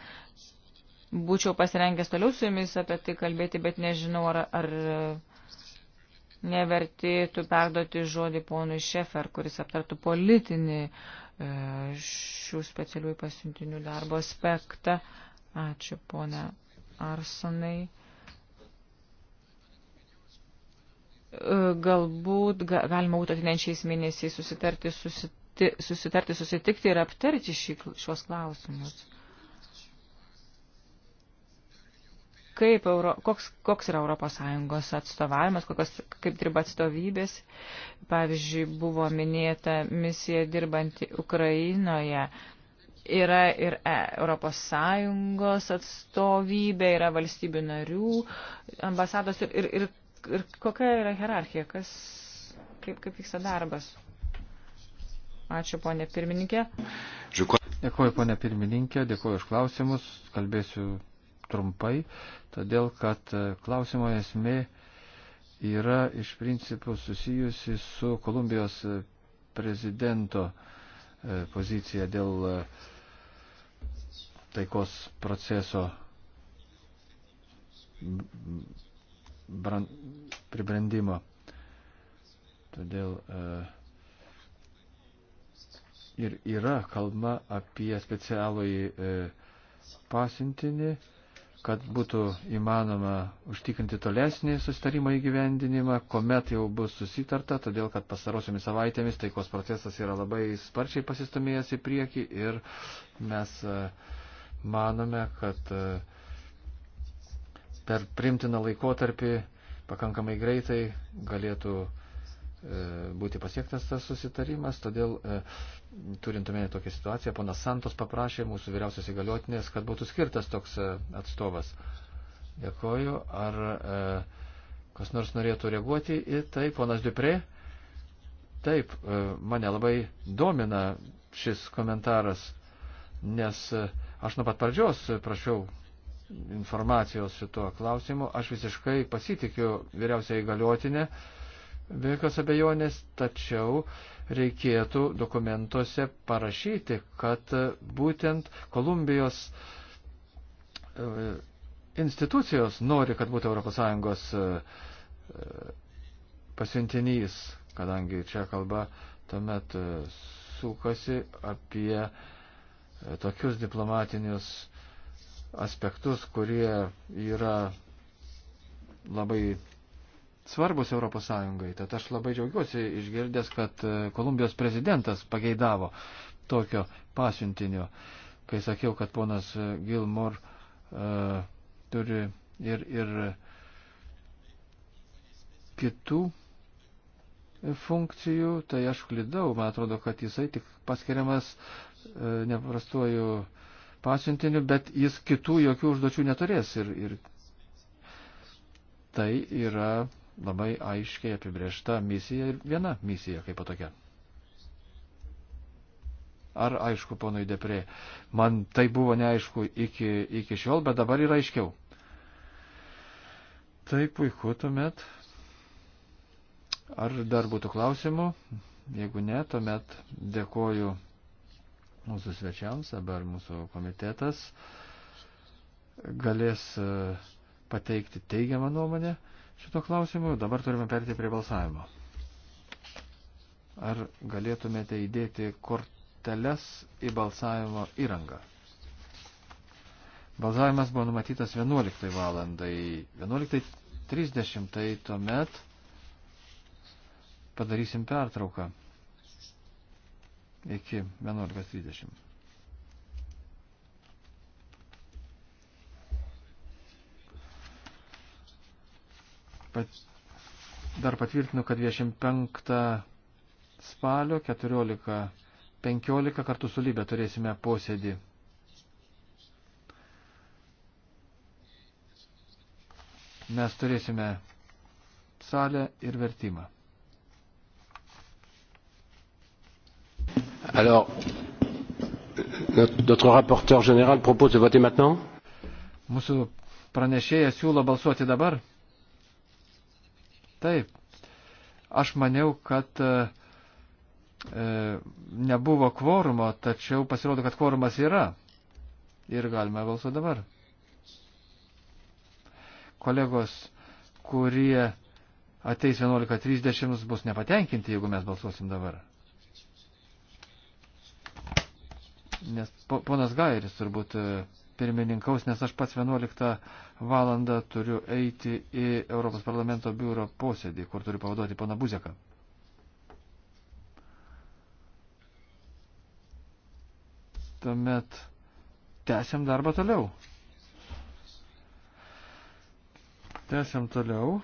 Būčiau pasirengęs toliau su jumis apie tai kalbėti, bet nežinau, ar, ar nevertėtų perduoti žodį ponui Šefer, kuris aptartų politinį e, šių specialiųjų pasiuntinių darbo aspektą. Ačiū, ponia Arsonai. E, galbūt galima būtų atinenčiais mėnesiais susitarti, susiti, susitarti, susitikti ir aptarti šį, šios klausimus. kaip Euro, koks, koks yra ES atstovavimas, kokios, kaip dirba atstovybės. Pavyzdžiui, buvo minėta misija dirbanti Ukrainoje. Yra ir ES atstovybė, yra valstybių narių, ambasados ir, ir, ir, ir kokia yra hierarchija, kas, kaip, kaip vyksta darbas. Ačiū, ponė pirmininkė. Dėkuoju, ponė pirmininkė, dėkuoju už klausimus. Kalbėsiu trumpai, todėl kad e, klausimo esmė yra iš principų susijusi su Kolumbijos e, prezidento e, pozicija dėl taikos proceso brand, pribrendimo. Todėl e, ir yra kalba apie specialųjį e, pasintinį kad būtų įmanoma užtikrinti tolesnį sustarimo įgyvendinimą, kuomet jau bus susitarta, todėl kad pastarosiomis savaitėmis taikos procesas yra labai sparčiai pasistumėjęs į priekį ir mes e, manome, kad e, per primtiną laikotarpį pakankamai greitai galėtų E, būti pasiektas tas susitarimas, todėl e, turintumėne tokią situaciją, ponas Santos paprašė mūsų vyriausios įgaliotinės, kad būtų skirtas toks e, atstovas. Dėkoju. Ar kas nors norėtų reaguoti į tai, ponas Duprė? Taip, mane labai domina šis komentaras, nes aš nuo pat pradžios prašiau informacijos šituo klausimu, aš visiškai pasitikiu vyriausiai įgaliotinę, be jokios abejonės, tačiau reikėtų dokumentuose parašyti, kad būtent Kolumbijos e, institucijos nori, kad būtų ES e, pasiuntinys, kadangi čia kalba tuomet e, sukasi apie tokius diplomatinius aspektus, kurie yra labai svarbus Europos Sąjungai. Tad aš labai džiaugiuosi išgirdęs, kad e, Kolumbijos prezidentas pageidavo tokio pasiuntinio. Kai sakiau, kad ponas e, Gilmore uh, turi ir, ir kitų funkcijų, tai aš klydau, man atrodo, kad jisai tik paskiriamas uh, neprastuoju pasiuntiniu, bet jis kitų jokių užduočių neturės. Ir, ir tai yra labai aiškiai apibriešta misija ir viena misija kaip tokia. Ar aišku, ponui Deprė, man tai buvo neaišku iki, iki šiol, bet dabar yra aiškiau. Tai puiku tuomet. Ar dar būtų klausimų? Jeigu ne, tuomet dėkoju mūsų svečiams, dabar mūsų komitetas galės e, pateikti teigiamą nuomonę šito klausimu. Dabar turime perėti prie balsavimo. Ar galėtumėte įdėti korteles į balsavimo įrangą? Balsavimas buvo numatytas 11 valandai. 11.30 tai tuomet padarysim pertrauką iki 11.30. pat, dar patvirtinu, kad 25 spalio 14.15 kartu su Libė turėsime posėdį. Mes turėsime salę ir vertimą. Alors, notre rapporteur général propose de voter maintenant Mūsų pranešėjas siūlo balsuoti dabar. Taip, aš maniau, kad e, e, nebuvo kvorumo, tačiau pasirodo, kad kvorumas yra. Ir galime balsuoti dabar. Kolegos, kurie ateis 11.30, bus nepatenkinti, jeigu mes balsuosim dabar. Nes ponas Gairis turbūt e, pirmininkaus, nes aš pats 11 valandą turiu eiti į Europos parlamento biuro posėdį, kur turiu pavaduoti pana Buzeką. Tuomet tęsiam darbą toliau. Tęsiam toliau.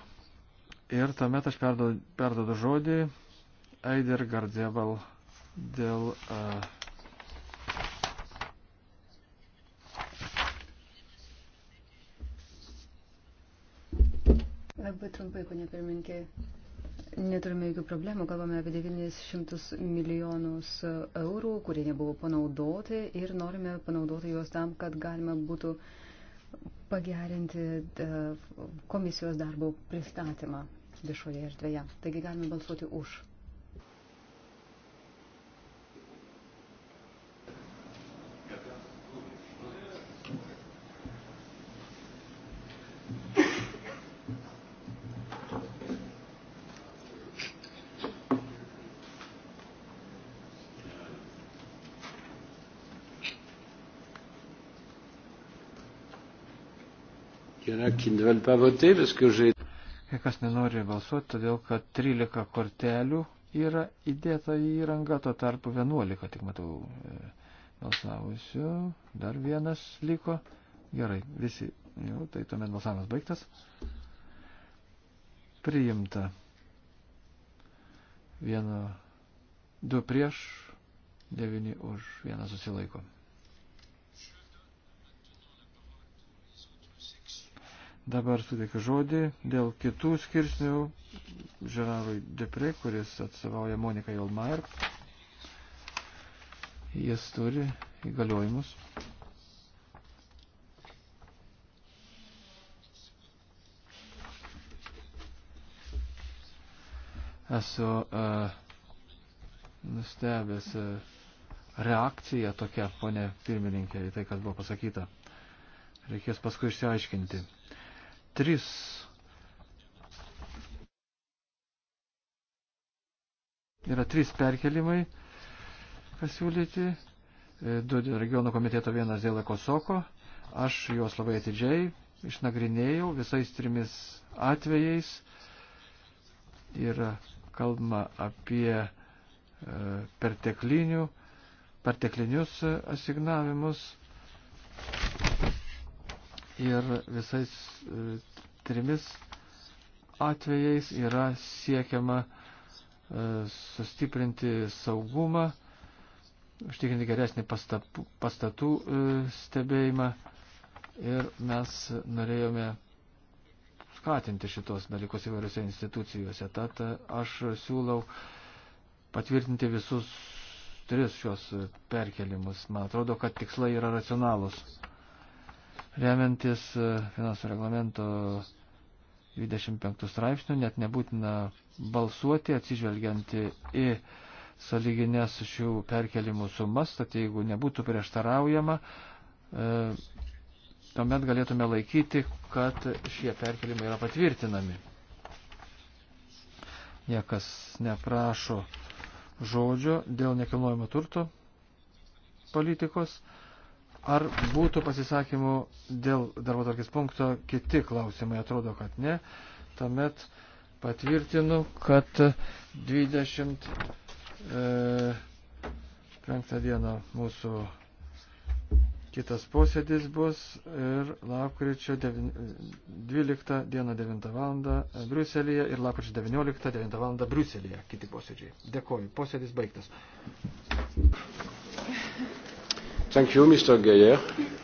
Ir tuomet aš perdodu žodį Aider Gardėval dėl uh, Labai trumpai, ponė pirminkė. Neturime jokių problemų, kalbame apie 900 milijonus eurų, kurie nebuvo panaudoti ir norime panaudoti juos tam, kad galima būtų pagerinti e, komisijos darbo pristatymą viešoje erdvėje. Taigi galime balsuoti už. Kai kas nenori balsuoti, todėl kad 13 kortelių yra įdėta į įrangą, to tarpu 11, tik matau, e, balsavusių. Dar vienas liko. Gerai, visi. Jau, tai tuomet balsavimas baigtas. Priimta. Vieno, du prieš, devyni už, vienas susilaiko. Dabar suteikiu žodį dėl kitų skirsnių Žerarui Depre, kuris atstovauja Monikai Olmair. Jis turi įgaliojimus. Esu uh, nustebęs uh, reakcija tokia, ponė pirmininkė, į tai, kas buvo pasakyta. Reikės paskui išsiaiškinti. 3. Yra trys perkelimai pasiūlyti. E, du dėl regionų komiteto, vienas dėl Ekosoko. Aš juos labai atidžiai išnagrinėjau visais trimis atvejais. Yra kalbama apie e, perteklinių, perteklinius asignavimus. Ir visais e, trimis atvejais yra siekiama e, sustiprinti saugumą, užtikrinti geresnį pastatų, pastatų e, stebėjimą ir mes norėjome skatinti šitos dalykus įvairiose institucijose. Tad aš siūlau patvirtinti visus tris šios perkelimus. Man atrodo, kad tikslai yra racionalūs. Remiantis e, finansų reglamento 25 straipsnių, net nebūtina balsuoti atsižvelgianti į saliginės šių perkelimų sumas, tad jeigu nebūtų prieštaraujama, e, tuomet galėtume laikyti, kad šie perkelimai yra patvirtinami. Niekas neprašo žodžio dėl nekilnojimo turto politikos. Ar būtų pasisakymų dėl darbo tvarkės punkto kiti klausimai? Atrodo, kad ne. Tuomet patvirtinu, kad 25 e, dieną mūsų kitas posėdis bus ir lapkričio 12 dieną 9 val. Briuselėje ir lapkričio 19 9 val. Briuselėje kiti posėdžiai. Dėkoju. Posėdis baigtas. Thank you, Mr. Geyer.